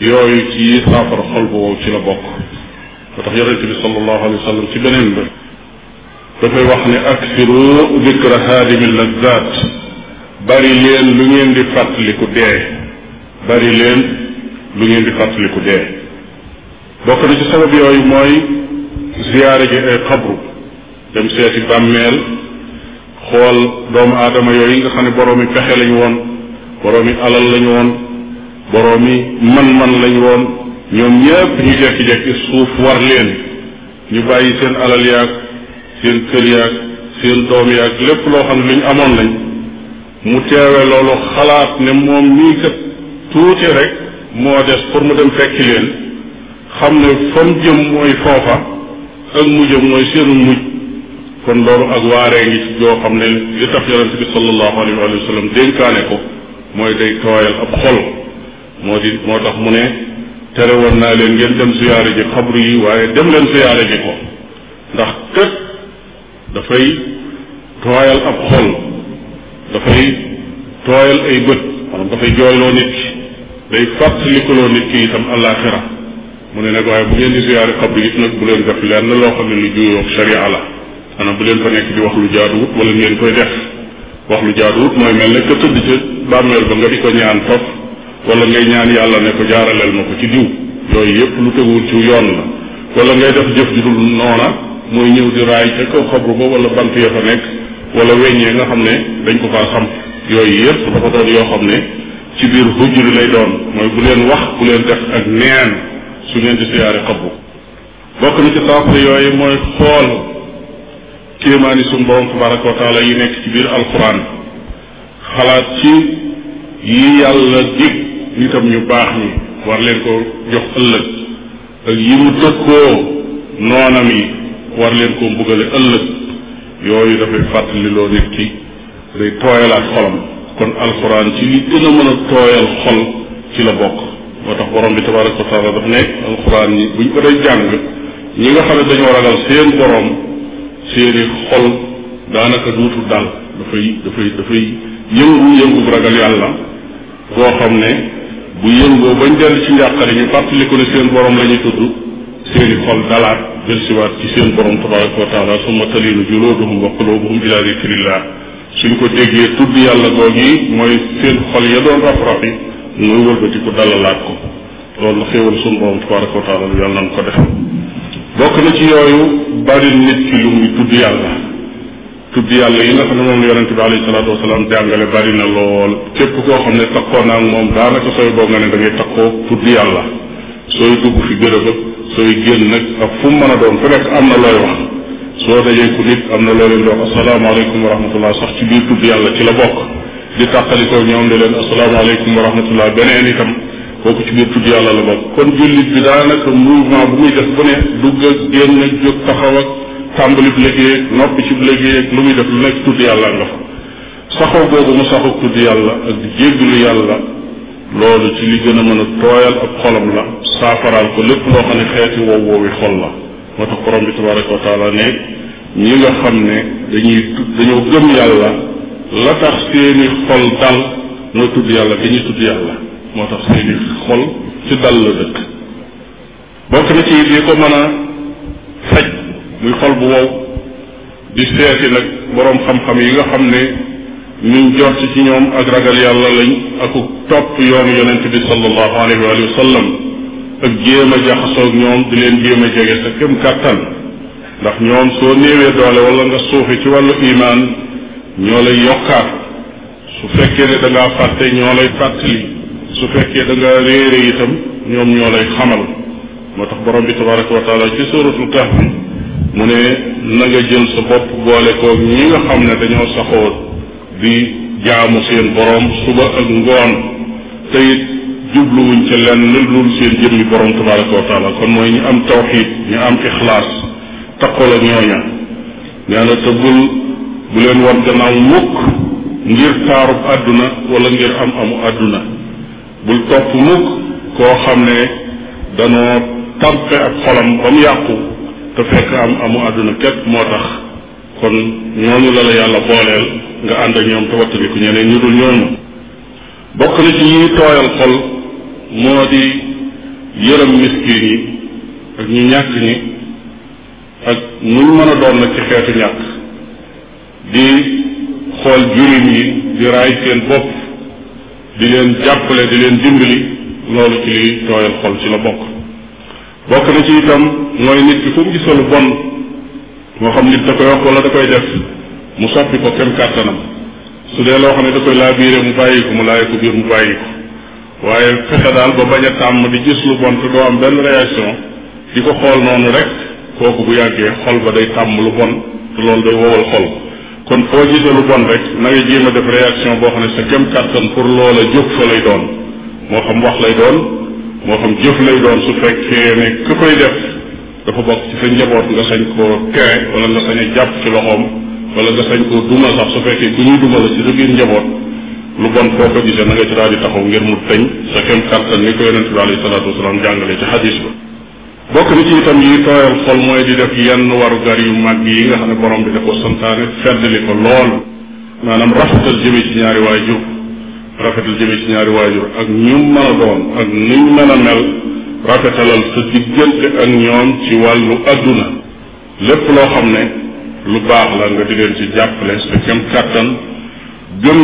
yooyu ci saafara xol bu wow ci la bokk ba tax yonente bi sallallahu wa sallam ci beneen ba dafay wax ne aksiru dikra haadimi lazzaat bari leen lu ngeen di fàttaliku dee bari leen lu ngeen di fàttaliku dee bokk na ci sabab yooyu mooy ziyaare ji ay xabru dem seeti bàmmeel xool doomu aadama yooyu nga xam ne boroomi pexe lañu woon boroomi alal lañu woon yi man-man lañu woon ñoom ñëpp ñu jekki-jekki suuf war leen ñu bàyyi seen alal yaag seen kër yaag seen doom yaag lépp loo xam ne lu amoon lañ mu teewe loolu xalaat ne moom mii kat tuuti rek moo des pour mu dem fekki leen xam ne fa mu jëm mooy foofa ak mujjam mooy seenu mujj kon loolu ak waaree ngi joo xam ne li tax yonente bi sallallahu alayhi wa sallam dénkaane ko mooy day tooyal ab xol moo di moo tax mu ne tere woon naa leen ngeen dem siyaare ji xabru yi waaye dem leen siyaare ji ko ndax kët dafay tooyal ab xol dafay tooyal ay bët maanaam dafay jooyloo nit ki day fàttalikuloo nit ki itam àllaaxira mu ne nag waaye bu ngeen di ziyaare xabri it nag bu leen def lenn loo xam ne lu juyoog sharia la maanaam bu leen fa nekk di wax lu jaaduwut wala ngeen koy def wax lu jaaduwut mooy mel ne ka tëdd ca bàmmeel ba nga di ko ñaan topp wala ngay ñaan yàlla ne ko jaaraleel ma ko ci diw yooyu yëpp lu teguwul ci yoon la wala ngay def jëf ju dul noona mooy ñëw di raay ca kaw xabru ba wala bant ya fa nekk wala weññee nga xam ne dañ ko a xam yooyu yëpp dafa yoo xam ne ci biir hujur lay doon mooy bu leen wax bu leen def ak neen su ngeen siyaare xabbu bokk na ci saafara yooyu mooy xool kéemaani suñu borom tabaraka wa yi nekk ci biir alquran xalaat ci yi yàlla dig nitam ñu baax ñi war leen ko jox ëllëg ak yi mu tëkkoo noonam yi war leen koo mbugale ëllëg yooyu dafay fàttali loo nit ki tooyalaat xolam kon alquran ci li gën a mën a tooyal xol ci la bokk moo tax borom bi tabaraka wa taala daf ne alxuraan yi buñ ko dee jàng ñi nga xam ne dañoo ragal seen borom seeni xol daanaka duutu dal dafay dafay dafay yëngu yëngu ragal yàlla boo xam ne bu yëngoo bañ dellu ci njàqare ñu ko ne seen borom la ñuy tudd seeni xol dalaat delsiwaat ci seen borom tabaraka wa taala summa talinu juluduhum wa qulubuhum ila dikrillah suñ ko déggee tudd yàlla googi mooy seen xol ya doon raf-rafi ñuy wëlbati ko dalalaat ko loolu xéewal sunu borom tabaraka wa taala nañ ko def bokk na ci yooyu bari nit ki lu muy tudd yàlla tudd yàlla yi nga xam ne moom yonente bi alayhi salaatu bari na lool képp koo xam ne takkoo naa moom daanaka sooy boo nga ne da ngay takkoo tudd yàlla sooy dugg fi gërëb ak sooy génn nag ak fu mu a doon nekk am na looy wax soo dajee ku nit am na loo leen di wax asalaamaaleykum wa rahmatullah sax ci biir tudd yàlla ci la bokk di tàqalikoo ñoom ne leen asalaamaaleykum wa rahmatullah beneen itam kooku ci biir tudd yàlla la bokk kon jullit bi daanaka mouvement bu muy def bu ne dugg ak génn ak jóg taxaw ak tàmbalib liggéey ak noppi ci liggéey ak lu muy def lu nekk tudd yàlla nga fa saxoo boobu mu saxoo tudd yàlla ak di jéggalu yàlla loolu ci li gën a mën a tooyal ak xolam la saafaraal ko lépp loo xam ne xeeti wow woowi xol la moo tax borom bi tabaraka wa ne ñi nga xam ne la tax seeni xol dal mooy tudd yàlla bi ñuy tudd yàlla moo tax seeni xol ci dal la dëkk bokk na ci li ko mën a faj muy xol bu wow di seeti nag boroom xam-xam yi nga xam ne ñu jox ci ci ñoom ak ragal yàlla lañ ak topp yoonu yonent bi sallallahu alayhi wa sallam ak jéem a jaxasoog ñoom di leen jéem a jege sa kem kàttan ndax ñoom soo néewee doole wala nga suufi ci wàllu imaan ñoo lay yokkaat su fekkee ne da ngaa fàtte ñoo lay fàttali su fekkee da ngaa réere ñoom ñoo lay xamal moo tax borom bi tabaraka wa taala ci suratul kahf mu ne na nga jël sa bopp boole koo ñi nga xam ne dañoo saxoo di jaamu seen borom suba ak ngoon te it jubluwuñ ca lenn lul seen jëmmi borom tabaraka wa taala kon mooy ñu am tawxid ñu am ixlaas taqol ak ñooña nee na te bu leen wan gannaaw mukk ngir taarub àdduna wala ngir am amu àdduna bul topp mukk koo xam ne danoo tàmpe ak xolam ba yàqu te fekk am amu àdduna képp moo tax kon ñooñu la la yàlla booleel nga ànd ak ñoom te wattandiku ñeneen ñu dul ñooñu bokk na ci ñuy tooyal xol moo di yërëm miskin yi ak ñu ñàkk ñi ak ñu mën a doon nag ci xeetu ñàkk di xool jurim yi di raay seen bopp di leen jàppale di leen dimbali loolu ci liy tooyal xol ci la bokk bokk na ci itam mooy nit ki fu mu gisalu bon moo xam nit da koy wax wala da koy def mu soppi ko kem kàttanam su dee loo xam ne da koy laa biire mu bàyyi ko mu laay ko biir mu bàyyi ko waaye fexe daal ba bañ a tàmm di gis lu bon te doo am benn réaction di ko xool noonu rek kooku bu yàggee xol ba day tàmm lu bon te loolu day wowal xol kon foo gisee lu bon rek na nga jéem a def réaction boo xam ne sa kem kàttan pour loola jóg fa lay doon moo xam wax lay doon moo xam jëf lay doon su fekkee ne ku koy def dafa bokk ci sa njaboot nga sañ ko tere wala nga sañ a jàpp ci loxoom wala nga sañ koo duma sax su fekkee ku ñuy duma la ci sa biir njaboot lu bon foo ko gisee na nga ci daal di taxaw ngir mu teñ sa kem kàttan ni ko yonente bi alayhi salaatu wasalaam jàngale ci xadis ba bokk na ci itam yi tooyal xol mooy di def yenn warugar yu mag yi nga xam ne borom bi da ko santaane feddali ko lool maanaam rafetal jëme ci ñaari waajur rafetal jëme ci ñaari waajur ak ñu mën a doon ak niñ mën a mel rafetalal sa diggante ak ñoom ci wàllu adduna lépp loo xam ne lu baax la nga di leen ci jàppale sa kem kàttan gëm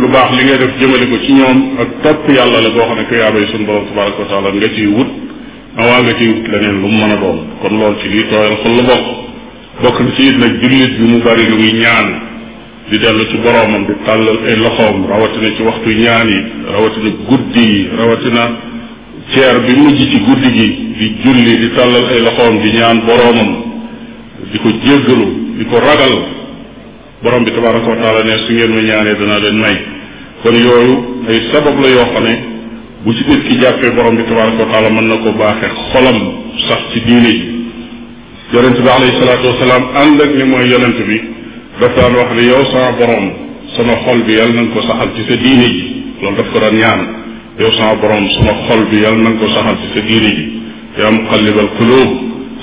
lu baax li ngay def jëmale ko ci ñoom ak topp yàlla la boo xam ne ko yaabay suñu borom tabaraka wa taala nga ciy wut awaa nga ci wut leneen lu mu mën a doon kon loolu ci lii tooyal xol la bokk bokk na ci it nag jullit bi mu bari luy ñaan di dellu ci boroomam di tàllal ay loxoom rawatina ci waxtu ñaan yi rawatina guddi yi rawatina ceer bi mujj ci guddi gi di julli di tàllal ay loxoom di ñaan boroomam di ko jéggalu di ko ragal borom bi tabaraka wa taala ne su ngeen ma ñaanee danaa leen may kon yooyu ay sabab la yoo xam ne bu ci nit ki jàppee borom bi tabaraka wa taala mën na ko baaxe xolam sax ci diine ji yonent bi alayhi salaatu wasalaam ànd ak ni mooy yonent bi daf daan wax ne yow sama borom sama xol bi yàlla na nga ko saxal ci sa diine ji loolu daf ko daan ñaan yow sama borom sama xol bi yàlla na nga ko saxal ci sa diine ji yaa muqallibal qulub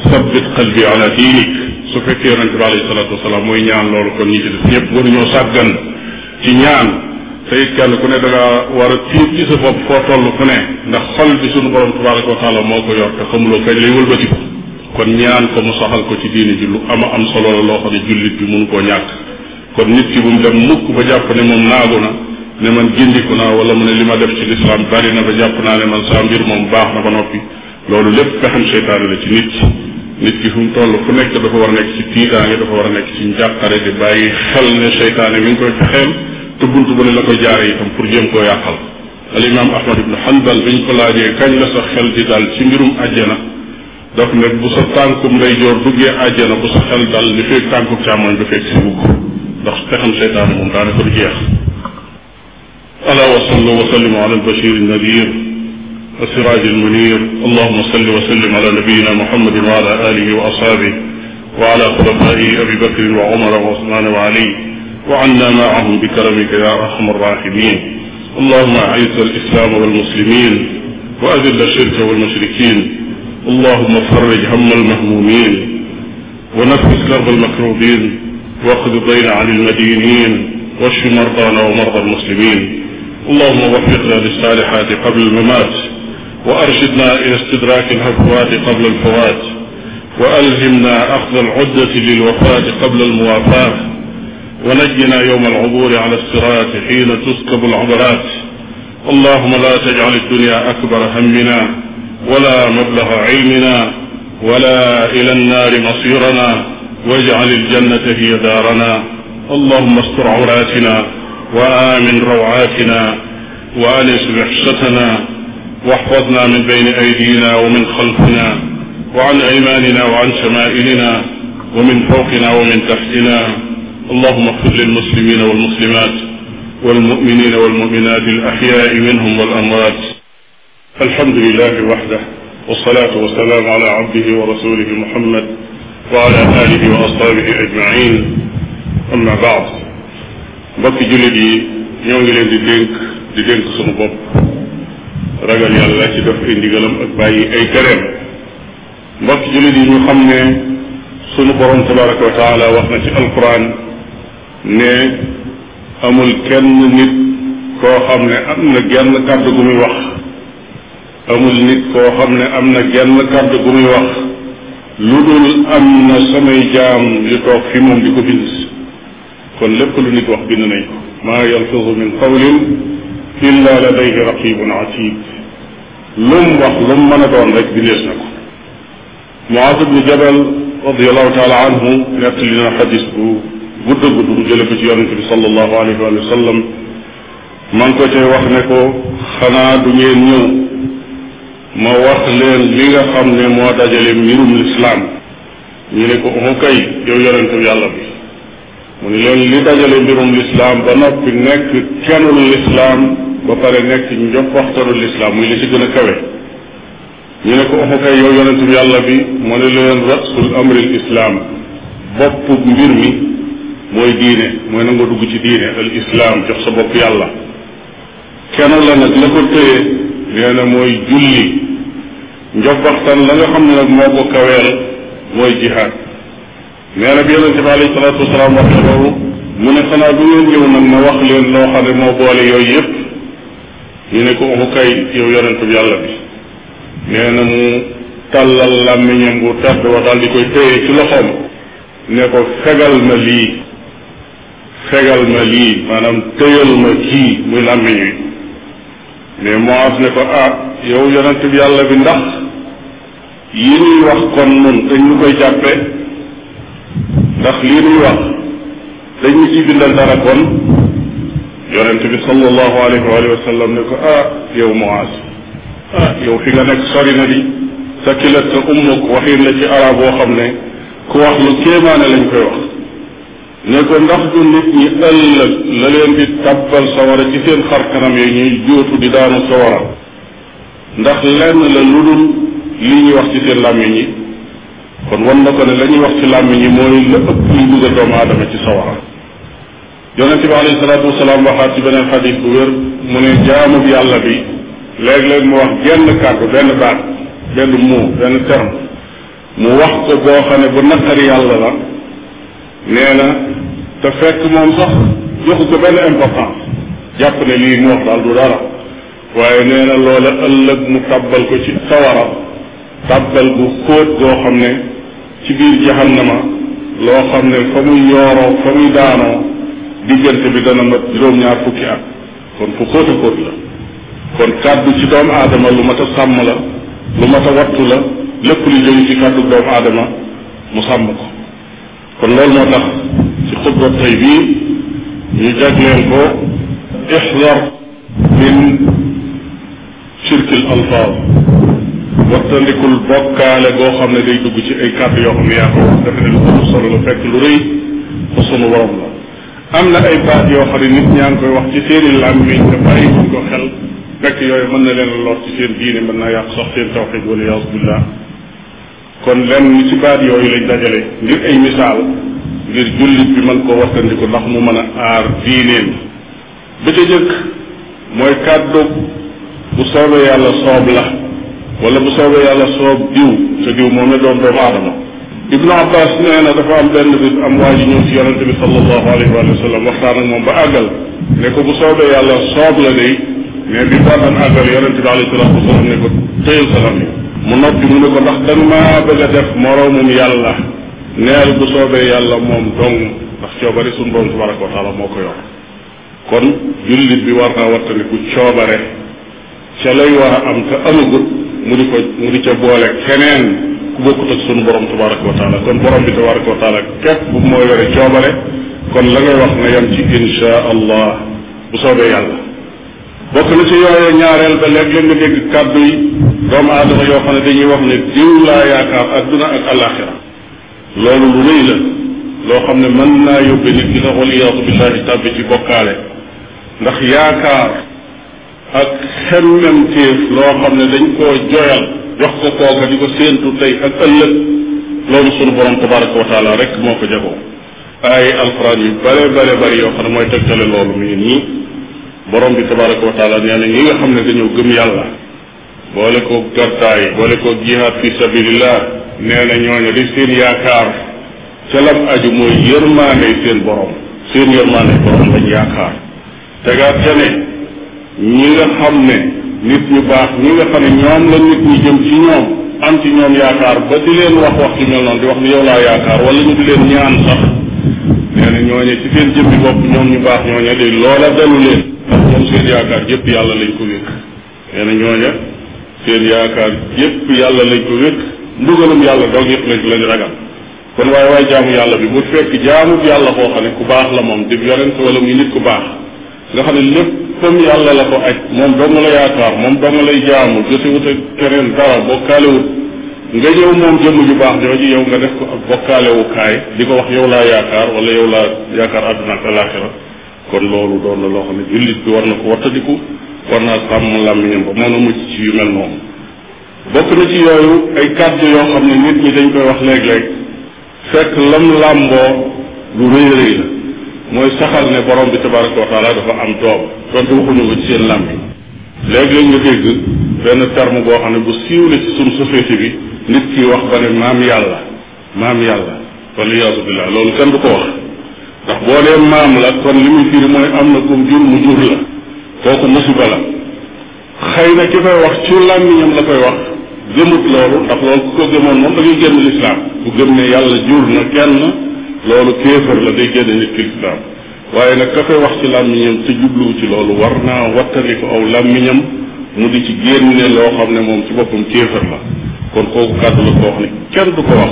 sabbit qalbi ala diinik su fekkee yonent bi alayhi salaatu wasalaam mooy ñaan loolu kon ñi ci def ñëpp waruñoo sàggan ci ñaan te it kenn ku ne da war a tiit ci sa bopp foo toll ku ndax xol bi sunu borom tabaraka wa taala moo ko yor te xamuloo kañ lay wëlbati kon ñaan ko mu soxal ko ci diine ji lu am solo la loo xam ne bi mënu koo ñàkk kon nit ki bu mu dem mukk ba ne moom naagu na ne man gindiku naa wala mu ne li ma def ci lislaam bari na ba jàpp naa ne man saa mbir moom baax na ba noppi loolu lépp pexem seytaane la ci nit ki nit ki fu mu toll fu nekk dafa war a nekk ci tiitaange dafa war a nekk ci njàqare di bàyyi xel ne seytaane mi ngi koy fexeel te bunt bu ne la koy jaare itam pour jéem koo al imam ahmad ibn hanbal bi ko laajee kañ la sa xel di dal ci mbirum àjjana daf ne bu sa tànkum ndeyjoor duggee àjjana bu sa xel dal li fekk tànkum càmmoñ du fekk si wugg ndax pexam seytaane moom daanaka du jeex ala wa sallu wa sallim ala albashir nadir السراج المنير اللهم صل وسلم على نبينا محمد وعلى آله وأصحابه وعلى خلفائه أبي بكر وعمر وعثمان وعلي وعنا معهم بكرمك يا أرحم الراحمين اللهم أعز الإسلام والمسلمين وأذل الشرك والمشركين اللهم فرج هم المهمومين ونفس كرب المكروبين واقض الدين عن المدينين واشف مرضانا ومرضى المسلمين اللهم وفقنا للصالحات قبل الممات وأرشدنا إلى استدراك الهفوات قبل الفوات وألهمنا أخذ العدة للوفاة قبل الموافاة ونجنا يوم العبور على الصراط حين تسكب العبرات اللهم لا تجعل الدنيا أكبر همنا ولا مبلغ علمنا ولا إلى النار مصيرنا واجعل الجنة هي دارنا اللهم استر عوراتنا وآمن روعاتنا وآنس وحشتنا واحفظنا من بين أيدينا ومن خلفنا وعن أيماننا وعن شمائلنا ومن فوقنا ومن تحتنا allahuma xfir lilmuslimina walmuslimat walmuminina walmuminat alaxyaai minhum walamwaat alhamdulilahi waxda wasalaatu wasalaamu ala abdihi wa rasulihi muhammad wa ala alihi wa ashaabihi ajmain amma baad mbokki jullit yi ñoo ngi leen di dénk di dénk sunu bopp ragal yàlla ci def ay ndigalam ak bàyyi ay tereem mbokki jullit yi ñu xam ne sunu borom tabaraka wa taala wax na ci alquran ne amul kenn nit koo ne am na genn kàddu gu muy wax amul nit koo xam ne am na genn kàddu gu muy wax lu dul am na samay jaam yu fi moom di ko bind kon lépp lu nit wax bind nañ ko maa yalfizu min qawlin illa ladayhi raqibun atid lum wax lum mën a doon rek bindees na ko Muaz ibnu Jabal radiallahu taala anhu nettali na xadis bu gudd a gudd bu jële ko ci yonente bi sallallahu alayhi wa sallam man ko cay wax ne ko xanaa du ngeen ñëw ma wax leen li nga xam ne moo dajale mbirum lislaam ñu ne ko umu kay yow yonentu yàlla bi mu ne leen li dajale mbirum lislaam ba noppi nekk ba pare nekk njoppaxtaru lislaam muy li ci gën a ñu ne ko yàlla bi mu ne mbir mi mooy diine mooy nangoo dugg ci diine al islam jox sa bopp yàlla keno la nag la ko téye nee na mooy julli njobbaxtan la nga xam ne nag moo ko kaweel mooy jihaad nee na bi yonente nag ma wax leen loo xam ne moo boole yooyu yépp ñu ne ko uxu kay yow yonente bi yàlla bi nee na mu tàllal làmmiñam bu tedd wa daal di koy téye ci loxoom ne ko fegal ma lii fegal ma lii maanaam tëyal ma kii muy làmmiñ wi mais Muaz ne ko ah yow yonent bi yàlla bi ndax yi ñuy wax kon nun dañ koy jàppe ndax lii ñuy wax dañ ñu ciy bindal dara kon yonent bi sallallahu alayhi wa sallam ne ko ah yow Muaz ah yow fi nga nekk sori na di sa kilat sa ummuk la ci arab boo xam ne ku wax lu a lañ koy wax ne ko ndax du nit ñi ëllëg la leen di tabbal sawara ci seen xarkanam yooyu ñuy jootu di daanu sawara ndax lenn la lu dul li ñuy wax ci seen làmmiñ yi kon wan na ko ne la wax ci làmmiñ yi mooy la ëpp luy doomu aadama ci sawara yonent bi alayhi salaatu wasalaam waxaat ci beneen xadis bu wér mu ne jaamub yàlla bi léeg-léeg mu wax genn kàddu benn baat benn mot benn terme mu wax ko boo bu naqari yàlla la nee na te fekk moom sax joxu ko benn importance jàpp ne lii mu wax daal du dara waaye nee loola ëllëg mu tàbbal ko ci sawara tàbbal bu xóot goo xam ne ci biir jahannama loo xam ne fa muy yooroo fa muy daanoo diggante bi dana mat juróom-ñaar fukki at kon fu xóot a la kon kàddu ci doomu aadama lu mat a sàmm la lu mat a wattu la lépp lu jóge ci kàddu doomu aadama mu sàmm kon loolu moo tax ci xutba tey bii ñu jagleel ko ixdar min shirkil alfaaz wattandikul bokkaale goo xam ne day dugg ci ay kàddu yoo xam ne yaa ko wax defe ne lu am solo la fekk lu rëy fa sunu borom la am na ay baat yoo xam ne nit ñaa ngi koy wax ci seeni làmmiñ te bàyyi ko xel fekk yooyu mën na leen lor ci seen diine mën naa yàq sax seen tawxid wala yaas billah kon lenn ni ci baat yooyu lañ dajale ngir ay misaal ngir jullit bi mën koo wattandiku ndax mu mën a aar diineen ba ca jëkk mooy kàddu bu soobee yàlla soob la wala bu soobee yàlla soob diw sa diw moom ne doon doomu aadama ibnu abbas nee na dafa am benn bis am waa ji ñëw ci yonente bi sallallahu alayhi wa sallam waxtaan ak moom ba àggal ne ko bu soobee yàlla soob la day mais bi baaxan àggal yonente bi alayhi salatu wasalam ne ko tëyal mu noppi mu ne ko ndax danga maa bëgg a def moroomum yàlla neel bu soobee yàlla moom dong ndax coobare suñu borom tabaraka wa taala moo ko yor kon jullit bi war naa wattandiku coobare ca lay war a am te amagut mu di ko mu di ca boole keneen ku bokkut ak suñu borom tabaraka wa kon borom bi tabaraka wa taala képp bu mooy yore coobare kon la ngay wax na yam ci insha allah bu soobee yàlla bokk na ci yooyee ñaareel ba léeg-léeg nga dégg kàddu yi doomu aadama yoo xam ne dañuy wax ni diw laa yaakaar adduna ak alaxira loolu lu rëy la loo xam ne mën naa yóbbe nit ki sax waliyasu billahi tàbbi ci bokkaale ndax yaakaar ak xemmemtéef loo xam ne dañ ko joyal jox ko kooka di ko séentu tey ak ëllëg loolu sunu borom tabaraka wa taala rek moo ko jagoo ay alquran yu bare bare bari yoo xam ne mooy tegtale loolu mu borom bi tabaraka wa taala nee na ñi nga xam ne dañoo gëm yàlla boole ko gartaay boole ko jihaad fi sabilillah nee na ñooñu di seen yaakaar ca lam aju mooy yërmaande seen borom seen yërmaande borom lañ yaakaar tegaat ca ne ñi nga xam ne nit ñu baax ñi nga xam ne ñoom la nit ñi jëm ci ñoom am ci ñoom yaakaar ba di leen wax wax ci mel noonu di wax ni yow laa yaakaar wala ñu di leen ñaan sax nee na ñooñe ci seen jëmmi bopp ñoom ñu baax ñooñe de loola dalu leen ndax ñoom seen yaakaar yépp yàlla lañ ko wékk nee na ñooña seen yàlla lañ ko wékk ndugalum yàlla dog yëpp lañ lañ ragal kon waaye waaye jaamu yàlla bi bu fekk jaamub yàlla koo xam ne ku baax la moom di yonent wala muy nit ku baax nga xam ne lépp yàlla la ko aj moom dong la yaakaar moom dong lay jaamu jotewut ak keneen dara boo kaalewut nga yow moom jëmm ju baax jooju yow nga def ko ak bokkaalewukaay di ko wax yow laa yaakaar wala yow laa yaakaar àdduna ak alaxira kon loolu doon la loo xam ne jullit bi war na ko wattadiku war naa sàmm làmmiñam ba mën a mucc ci yu mel noonu bokk na ci yooyu ay kàddu yoo xam ne nit ñi dañ koy wax léeg-léeg fekk lam làmboo lu rëy rëy la mooy saxal ne borom bi tabaraka wa taala dafa am doom donte waxuñu ko seen làmmiñ léegi-léeg nga dégg benn terme boo xam ne bu siiw la ci suñu société bi nit ki wax ba ne maam yàlla maam yàlla waliyaasu billah loolu kenn du ko ndax boo dee maam la kon li muy firi mooy am na kum jur mu jur la kooku musiba la xëy na ki koy wax ci làmmiñam la koy wax gëmut loolu ndax loolu ku ko gëmoon moom da génn lislaam ku gëm ne yàlla jur na kenn loolu kéefër la day génn nit ki lislaam waaye nag ka wax ci làmmiñam te jubluwu ci loolu war naa wattali ko aw làmmiñam mu di ci génne loo xam ne moom ci boppam kéefër la kon ko kàddu la koo xam ne du ko wax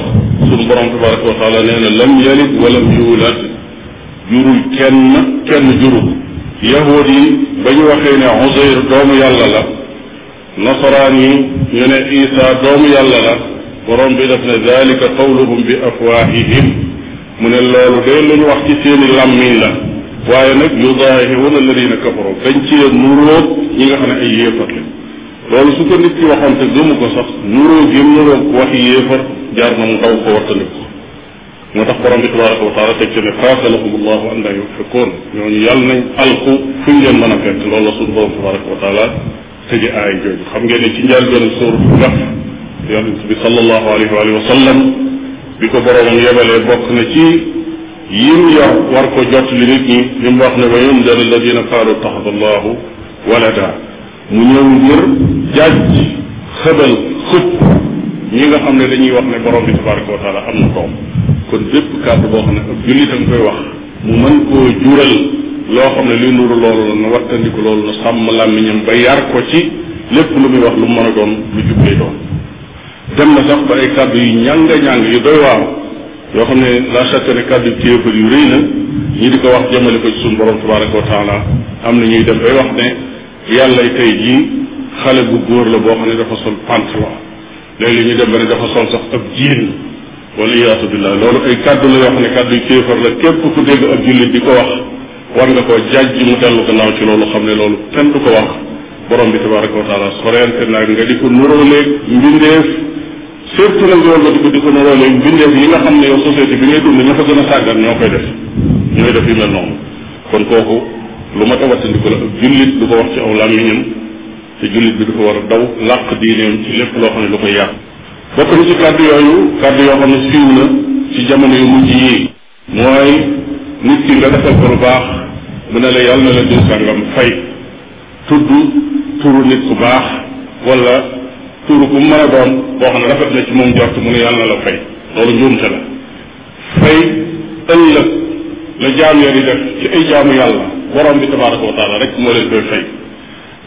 suñu borom tabaraka wa taala nee na lam yalid wa lam yuulad jurul kenn kenn jurul yi ba ñu waxee ne Uzayr doomu yàlla la nasaraan yi ñu ne Isa doomu yàlla la borom bi daf ne dalika qawluhum bi afwaahihim mu ne loolu de lu ñu wax ci seeni làmmiñ la waaye nag yudaahiruna alladina kafaru dañ ci nuróog ñi nga xam ne ay yéefar la loolu su ko nit ki waxoon te gëmu ko sax nuróog yi nuróog waxi yéefar jaar na mu daw ko wattandiku moo tax borom bi tabaraka wa taala teg ci ne faaxalakum allahu an laa yufikoon ñooñu yàlla nañ alku fu ñu leen mën a fekk loolu la suñu borom tabaraka wa taala tëje aay jooju xam ngeen ne ci njaal benn sóoru gaf yonent bi sallallahu alayhi wa sallam bi ko boroomam yebalee bokk na ci yim yor war ko jot li nit ñi li mu wax ne wa yundar alladina qaalu taxada allahu walada mu ñëw ngir jàjj xëbal xëpp ñi nga xam ne dañuy wax ne borom bi tabaraka wa am na doom kon bépp kàddu boo xam ne ab jullitam koy wax mu mën koo jural loo xam ne li nuru loolu la na wattandiku loolu na sàmm làmmiñam ba yar ko ci lépp lu muy wax lu mu mën a doon lu jubbee doon dem na sax ba ay kàddu yu ñànga ñàng yu doy waaw yoo xam ne la chaque ne kàddu yu téefal yu rëy na ñi di ko wax jëmale ko ci suñu borom tabaraka wa taala am na ñuy dem bay wax ne yàlla tey jii xale bu góor la boo xam ne dafa sol pantalon léegi ñu dem ba ne dafa sol sax ab jiin wala iyaatu billah loolu ay kàddu la yoo xam ne kàddu yu kéefar la képp ku dégg ab jullit di ko wax war nga koo jàjj mu dellu gannaaw ci loolu xam ne loolu kenn du ko wax borom bi tabaraka wa taala sorente nag nga di ko nuróoleeg mbindeef surtout nag yow nga di ko di ko nuróoleeg mbindeef yi nga xam ne yow société bi ngay dund ña ko gën a sàggan ñoo koy def ñooy def yu mel noonu kon kooku lu ma tawattandiku la jullit du ko wax ci aw làmmiñam te jullit bi dafa war a daw làq diineem ci lépp loo xam ne lu koy yàq bokk na ci kàddu yooyu kàddu yoo xam ne siiw na ci jamono yu mujj yii mooy nit ki nga defal ko la yàlla na la diw sàngam fay tudd turu nit ku baax wala turu bu a doon boo xam ne rafet na ci moom jort mu ne yàlla na la fay loolu njuumte la fay ëllëg la jaam yi def ci ay jaamu yàlla borom bi tabaraka wa taala rek moo leen koy fay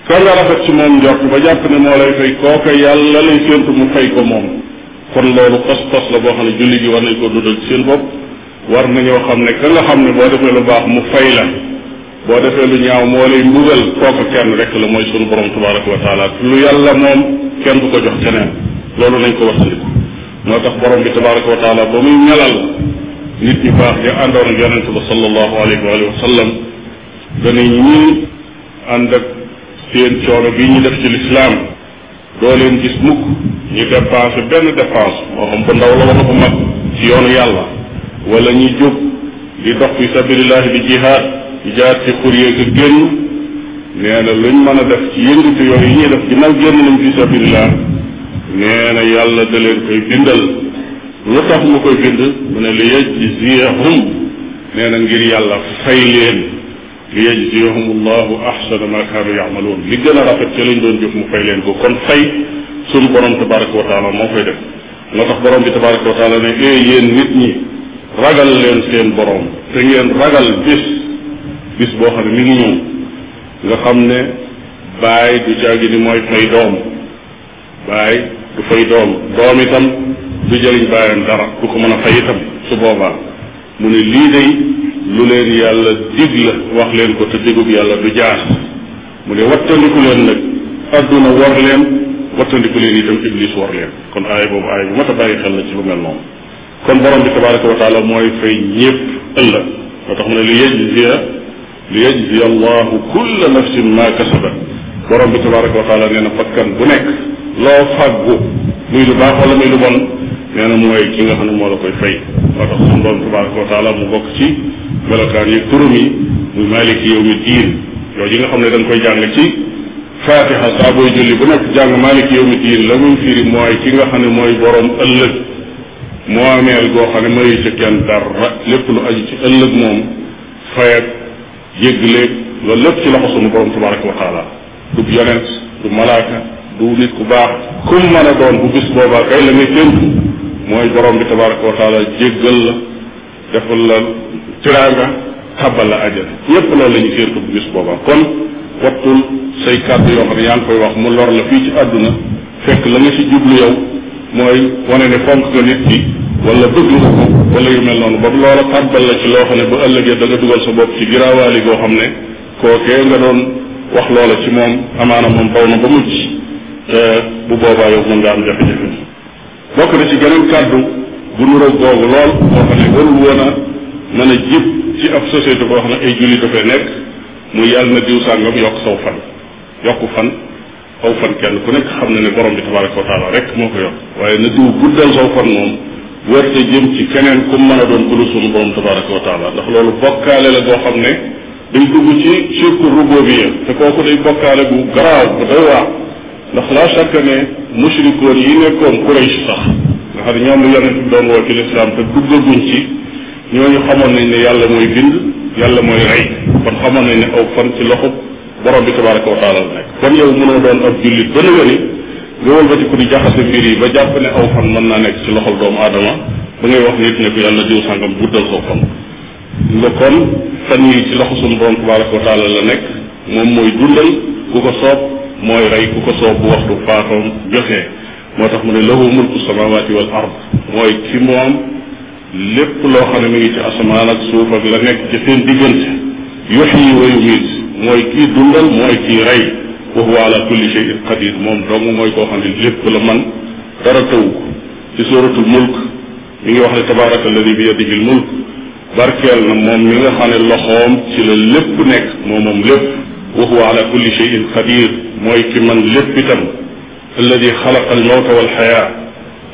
kon nga ba jàpp ne moo lay fay kooka yàlla lay séentu mu fey ko moom kon loolu pas-pas la boo xam ne julli gi war nañ koo dundal ci seen bopp war nañoo xam ne ka nga xam ne boo defee la baax mu fay la boo defee lu ñaaw moo lay mbugal kooku kenn rek la mooy sunu borom tabaraka wa taala lu yàlla moom kenn du ko jox keneen loolu nañ ko waxtandiku moo tax borom bi tabaraka wa taala ba muy melal nit ñu baax ña àndoon ak yonente ba sallallahu alayhi wa alihi wa sallam dana ñii ànd ak seen coono bi ñu def ci lislaam doo leen gis mukk ñu dépensé benn dépense moo xam bu ndaw la wala bu ci yoonu yàlla wala ñuy jóg di dox fi sabilillahi bi jihaad di jaar ci xur yeeg a génn nee na luñ mën a def ci yëngatu yooyu yi ñuy def ginnaaw génn nañ fi sabilillah nee na yàlla da leen koy bindal lu tax mu koy bind mu ne li yajziyahum nee na ngir yàlla fay leen li yajziyahum allahu ahsana ma kaanu yaamaluun li gën a rafet ci lañ doon jëf mu fay leen ko kon fay suñu borom tabaraka wa taala moo koy def moo tax borom bi tabaraka wa taala ne ee eh yéen nit ñi ragal leen seen borom te ngeen ragal bis bis boo xam ne mu ngi ñëw nga xam ne baay du jàggi ni mooy fay doom baay du fay doom doom itam du jëriñ baayam dara du ko mën a fay itam su boobaa mu ne lii day lu leen yàlla dig la wax leen ko te digub yàlla du jaar mu ne wattandiku leen nag adduna war leen wattandiku leen itam iblis war leen kon aaya boobu aaya bu mat a bàyyi xel la ci lu mel noonu kon borom bi tabaraka wa mooy fay ñépp ëllëg moo tax mu ne li yejjia li yajzi allahu kulla nafsin ma kasabat borom bi tabaraka wa taala nee na bakkan bu nekk loo fàggu muy lu baax wala muy lu bon nee na mooy ki nga xam ne moo la koy fay moo tax suñu borom tabaraka wa taala mu bokk ci melokaan yi turam yi muy maliki yawmi diin yooyu yi nga xam ne dañ koy jàng ci fatiha saa booy julli bu nekk jàng maliki yawmi diin la muy firi mooy ki nga xam ne mooy borom ëllëg moomeel goo xam ne mayu ca kenn dara lépp lu aju ci ëllëg moom fayat jéggaleeg loolu lépp ci loxo sunu borom tabaraka wa taala du yonent du malaaka du nit ku baax kum mën a doon bu bis boobaa kay la ngay tënk mooy boroom bi tabaraka wa taala jéggal la defal la tiraanga tàbbal la ajal ñépp loolu la ñu séentu bu bis boobaa kon wattul say kàddu yoo xam ne yaa ngi koy wax mu lor la fii ci àdduna fekk la nga ci jublu yow mooy wane ne fonk nga nit ki wala bëgg nga ko wala yu mel noonu ba loola tàbbal la ci loo xam ne bu ëllëgee da nga dugal sa bopp ci giraawaali goo xam ne kookee nga doon wax loola ci moom amaana moom xaw na ba mujj te bu boobaa yow mën nga am jafe-jafe ci geneen kàddu bu nuroog googu lool boo xam ne ab société boo xam ne ay julli dafay nekk mu yàlla na diw sàngam yokk saw fan yokku fan aw fan kenn ku nekk xam na ne borom bi tabaraka wa taala rek moo ko yokk waaye na diw werte jëm ci keneen ku mën a doon ku dul sunu borom tabaraka wa taala ndax loolu bokkaale la boo xam ne day dugg ci shirku rububiyya te ko day bokkaale bu garaaw bu doy waar ndax laa shakka ne mushrikoon yi nekkoon Quraysh sax nga xam ne ñoom la yonent bi doon woo ci lislaam te duggaguñ ci ñooñu xamoon nañ ne yàlla mooy bind yàlla mooy rey kon xamoon nañ ne aw fan ci loxo borom bi tabaraka wa taala la nekk kon yow mënoo doon ab jullit ba ni nga wëlbatiku di jaxase mbir yi ba jàpp ne aw fan mën naa nekk ci loxol doomu aadama ba ngay wax nit ne ko yàlla diw sàngam guddal soo fan nga kon fan yi ci loxo suñu borom tabaraka wa taala la nekk moom mooy dundal ku ko soob mooy rey ku ko soob bu waxtu faatoom joxee moo tax ma ne lahu mulku samawati wal ard mooy ci moom lépp loo xam ne mi ngi ci asamaan ak suuf ak la nekk ci seen diggante yuxyi wa yumiit mooy kii dundal mooy kii rey wa huwa ala kulli shay'in qadir moom dong mooy koo xam ne lépp la man dara tawu ko ci suratul mulk mi ngi wax ne tabaraka alladi bi yadihi al mulk barkeel na moom mi nga xam ne loxoom ci la lépp nekk moo moom lépp wa huwa ala kulli shay'in qadir mooy ki man lépp itam alladi xalaqa al mawta wal xayaa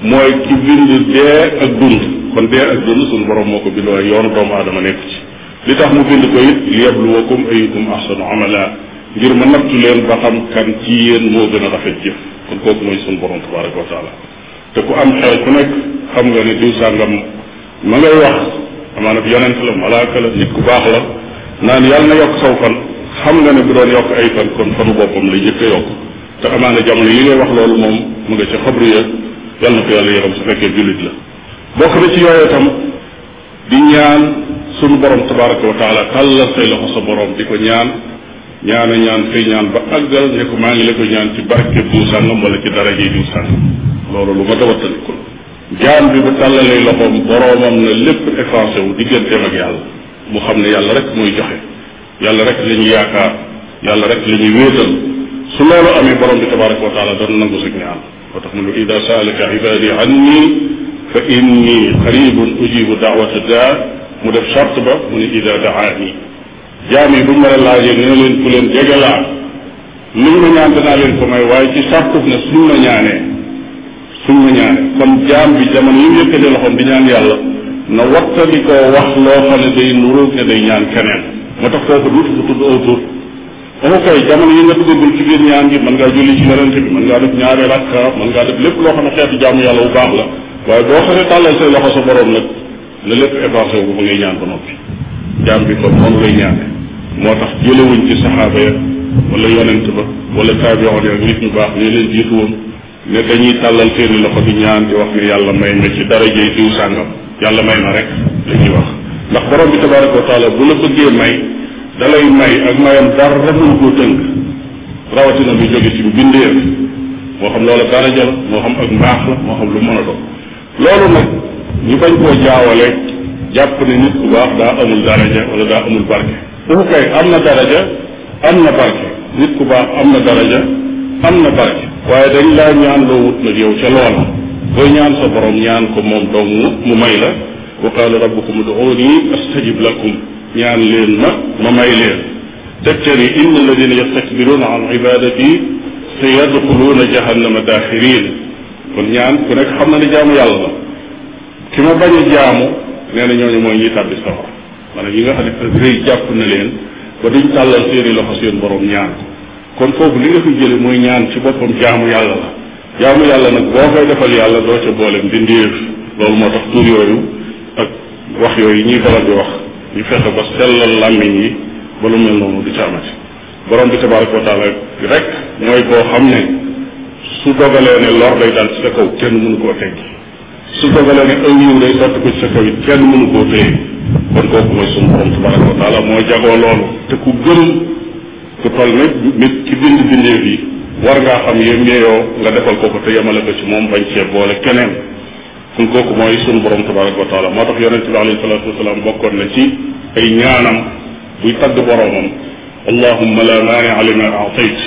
mooy ki bind dee ak dund kon dee ak dund suñu borom moo ko bind waaye yoonu doomu aadama nekk ci li tax mu bind ko it liyabluwakum ayukum ahsanu amala ngir ma nattu leen ba xam kan ci yéen moo gën a rafet jëf kon kooku mooy sunu borom tabaraka wa taala te ku am xel ku xam nga ne diw sàngam ma ngay wax amaanab yonent la malaaka la nit ku baax naan yàlla na yokk saw fan xam nga ne bu doon yokk ay fan kon fanu boppam lay njëkk a yokk jamono yi ngay wax loolu moom mu nga ca xabru ya yàlla na ko yàlla yaram su na ci yooyu tam di ñaan sunu borom tabaraka wa taala tàllal say loxo sa borom di ko ñaan ñaana ñaan fay ñaan ba àggal ne ko maa ngi la ko ñaan ci barke bu sàngam wala ci dara ji du sàngam loolu lu ma tawattandiku jaam bi bu tàllalee loxoom boroomam na lépp effacé wu digganteem ak yàlla mu xam ne yàlla rek mooy joxe yàlla rek la ñuy yaakaar yàlla rek la ñuy wéetal su loolu amee borom bi tabaraka wa taala dana nangu sag ñaan moo tax mu ne ida saalaka ibadi anni fa inni qaribun ujibu daawata daa mu def charte ba mu ne ida daani jaam yi bu ma la laajee nee leen ku leen jege laa luñ ma ñaan danaa leen ko may waaye ci sàkkuf ne suñ ma ñaanee suñ ma ñaanee kon jaam bi jamono yi mu yëkkatee loxoom di ñaan yàlla na wattali koo wax loo xam ne day nuróog ne day ñaan keneen moo tax kooku duutu ko tudd aw tur dafa koy jamono yi nga tuddagul ci biir ñaan gi mën ngaa julli ci yonente bi mën ngaa def ñaari rakka mën ngaa def lépp loo xam ne xeetu jaamu yàlla bu baax la waaye boo xasee tàllal say loxo sa borom nag la lépp évancé wu ba ñaan ba noppi jaam bi kon moom lay ñaane moo tax jëlewuñ ci saxaaba ya wala yonent ba wala taabiyoon ya nit ñu baax ñu leen jiitu woon ne ñuy tàllal seeni loxo di ñaan di wax ne yàlla may ma ci dara jëy diw sàngam yàlla may ma rek la ñuy wax ndax borom bi tabaraka wa taala bu la bëggee may dalay may ak mayam dara mun koo tënk rawatina lu jóge ci mbindeef moo xam loola daraja la moo xam ak mbaax la moo xam lu mën a doon loolu nag ñu bañ koo jaawale jàpp ne nit ku baax daa amul daraja wala daa amul barke dafa koy am na daraja am na barke nit ku baax am na daraja am na barke waaye dañ laa ñaan loo wut nag yow ca loola booy ñaan sa borom ñaan ko moom dong mu may la wa qaala rabbukum uduuni astajib lakum ñaan leen ma ma may leen teg ca ni inna alladina yastakbiruuna an ibadati sa yadxuluuna jahannama daaxirin kon ñaan ku nekk xam na ne jaamu yàlla la ki ma bañ a jaamu nee na ñooñu mooy ñuy tàbbi sawar maanaam yi nga xam ne rëy jàpp na leen ba duñ tàllal seeni loxo seen boroom ñaan kon foofu li nga fi jële mooy ñaan ci boppam jaamu yàlla la jaamu yàlla nag boo koy defal yàlla doo ca boole mbindeef loolu moo tax tur yooyu ak wax yooyu ñuy faral di wax ñu fexe ba sellal làmmiñ yi ba lu mel noonu du ca amati borom bi tabaraka wa taala rek mooy boo xam ne su dogalee ne lor day dal ci sa kaw kenn mënu koo teggi su dogaloon ne aw yiw day sotti ko kenn mënu koo téye kon kooku mooy sunu borom wa taala moo jagoo loolu te ku gërëm ku toll nag nit ci bind bindeef yi war ngaa xam yow meeyoo nga defal ko ko te yemale ko moom bañ cee boole keneen kon kooku mooy sunu borom wa taala moo tax yonente bi alayhi salatu bokkoon na ci ay ñaanam buy tagg boromam allahumma la maani alima atayt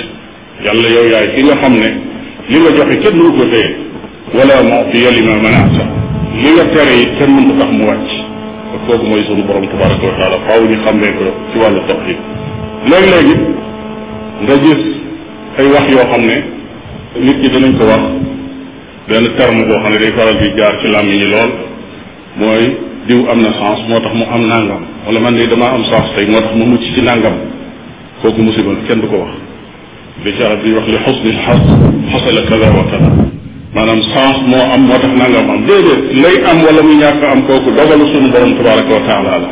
yàlla yow yaay ki nga xam ne li nga joxe kenn mënu ko téye wala mu'tiya lima manaasa li nga tere yi kenn mënta tax mu wàcc kon kooku mooy sunu borom tabaraka wa taala faaw ñu xamee ko ci wàllu tawxid léeg-léegi nga gis ay wax yoo xam ne nit ñi danañ ko wax benn terme boo xam ne day faral di jaar ci làmmiñ yi lool mooy diw am na chance moo tax mu am nangam wala man de damaa am chance tey moo tax mu mucc ci nangam kooku musiba kenn du ko wax li ci arab di wax li xusni xas xasala kala wa kala maanaam sens moo am moo tax nangam am déedéet lay am wala mu ñàkk am kooku dogalu sunu borom tabaraka wa taala la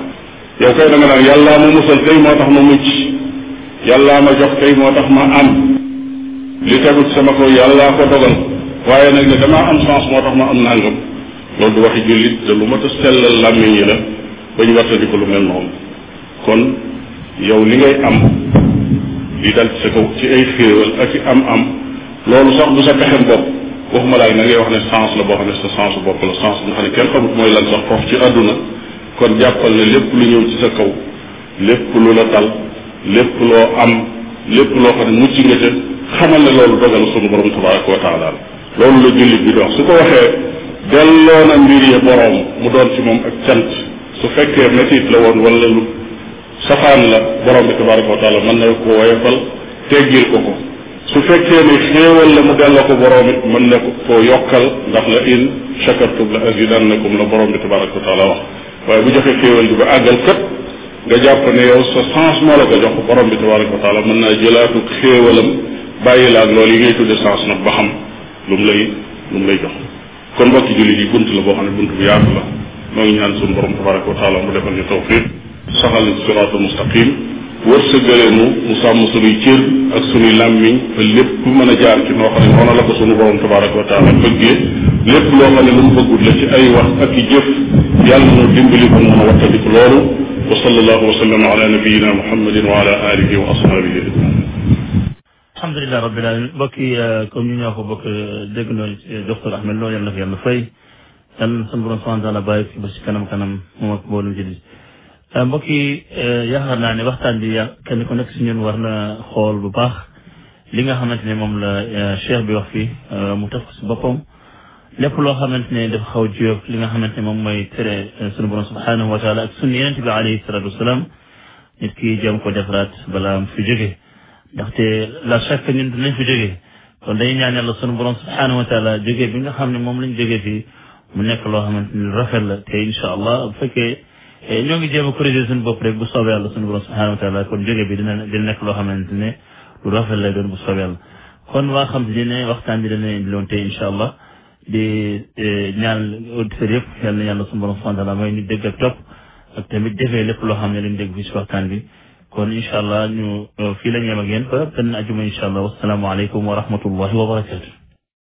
yow kay da nga naan yàllaa ma musal tey moo tax ma jox tey moo tax ma am li tegu ci sama kaw yàllaa ko dogal waaye nag ne damaa am sens moo tax ma am nangam loolu du waxi jullit te lu mat a sellal làmmiñ yi la ba ñu wartadi ko lu mel noonu kon yow li ngay am di dal ci sa kaw ci ay xéewal ak i am am loolu sax du sa pexem bopp waxuma laay na ngay wax ne sens la boo xam ne sa sens bopp la sens bi nga xam ne kenn xamut mooy lan sax foofu ci àdduna kon jàppal na lépp lu ñëw ci sa kaw lépp lu la dal lépp loo am lépp loo xam ne mucc nga ca xamal ne loolu dogal sunu borom tabaraka wa taala loolu la jullit bi dox su ko waxee delloo na mbir ya boroom mu doon ci moom ak cant su fekkee métit la woon wala lu safaan la borom bi tabaraka wa taala mën na ko woyofal teggil ko ko su fekkee ne xéewal la mu delloo ko borom it mën na koo yokkal ndax la in shakartum la azidannakum la borom bi tabaraka wa taala wax waaye bu joxe xéewal bi ba àggal kat nga jàpp ne yow sa chance moo la ko jox borom bi tabaraka wa taala mën naa jëlaatu xéewalam bàyyi la ak loolu yi ngay tudde chance nag ba xam lu mu lay lu mu lay jox kon mbokki jullit yi bunt la boo xam ne bunt bu yaatu la moo ngi ñaan suñu borom tabaraka wa taala mu defal ñu tawfiq saxal siraatul mustaqim wërsëgale nu mu sàmm sunuy cër ak sunuy làmmiñ ba lépp mën a jaar ci noo xam ne noonu la ko sunu borom tabaraka wa taala bëggee lépp loo xam ne lu mu bëggut la ci ay wax ak i jëf yàlla nu dimbali ba mën a wattandiku loolu wa sallallahu wa sallam ala nabiyina muhammadin wa ala alihi wa ashabihi ajmain alhamdulilah rabbil alamin mbokk yi euh, comme ñu ñoo ko bokk euh, dégg na euh, docteur Ahmed loolu yàlla na ko yàlla fay yàlla na sunu borom subhanahu wa taala bàyyi fi ba si kanam kanam moom ak mboolum jëli Eh, mbokk yi eh, yaakaar naa ne waxtaan bi kenn ku nekk si ñun war na xool bu baax li nga xamante ne moom la eh, cheikh bi wax fii mu taf ko si boppam lépp loo xamante ne dafa xaw jiyoog li nga xamante ne moom mooy tere sunu borom subhanahu wa taala ak sunu yenente bi alayhi salatu wasalaam nit ki jëm ko defaraat balaa mu fi jóge ndaxte la chaque ñun dinañ fi jóge kon dañuy ñaan yàlla sunu borom subhanahu wa taala bi nga xam ne moom lañ jóge fii mu nekk loo xamante ni rafet la te E, ñoo ngi jéem a corriger suñu bopp rek bu soobee yàlla suñu borom subhanahu wa taala kon jóge bi dina dina loo xamante ne lu rafet lay doon bu soobee yàlla kon waa xam si ne waxtaan bi dana indi loon tey incha allah di e, ñaan auditeurs yëpp yàlla na yàlla suñu borom subhanahu mooy ñu dégg ak topp ak tamit lépp loo xam ne lañ dégg fii si waxtaan bi kon incha allah ñu fii la ñu yem ak yéen ba benn ajuma incha allah wasalaamualeykum wa rahmatullahi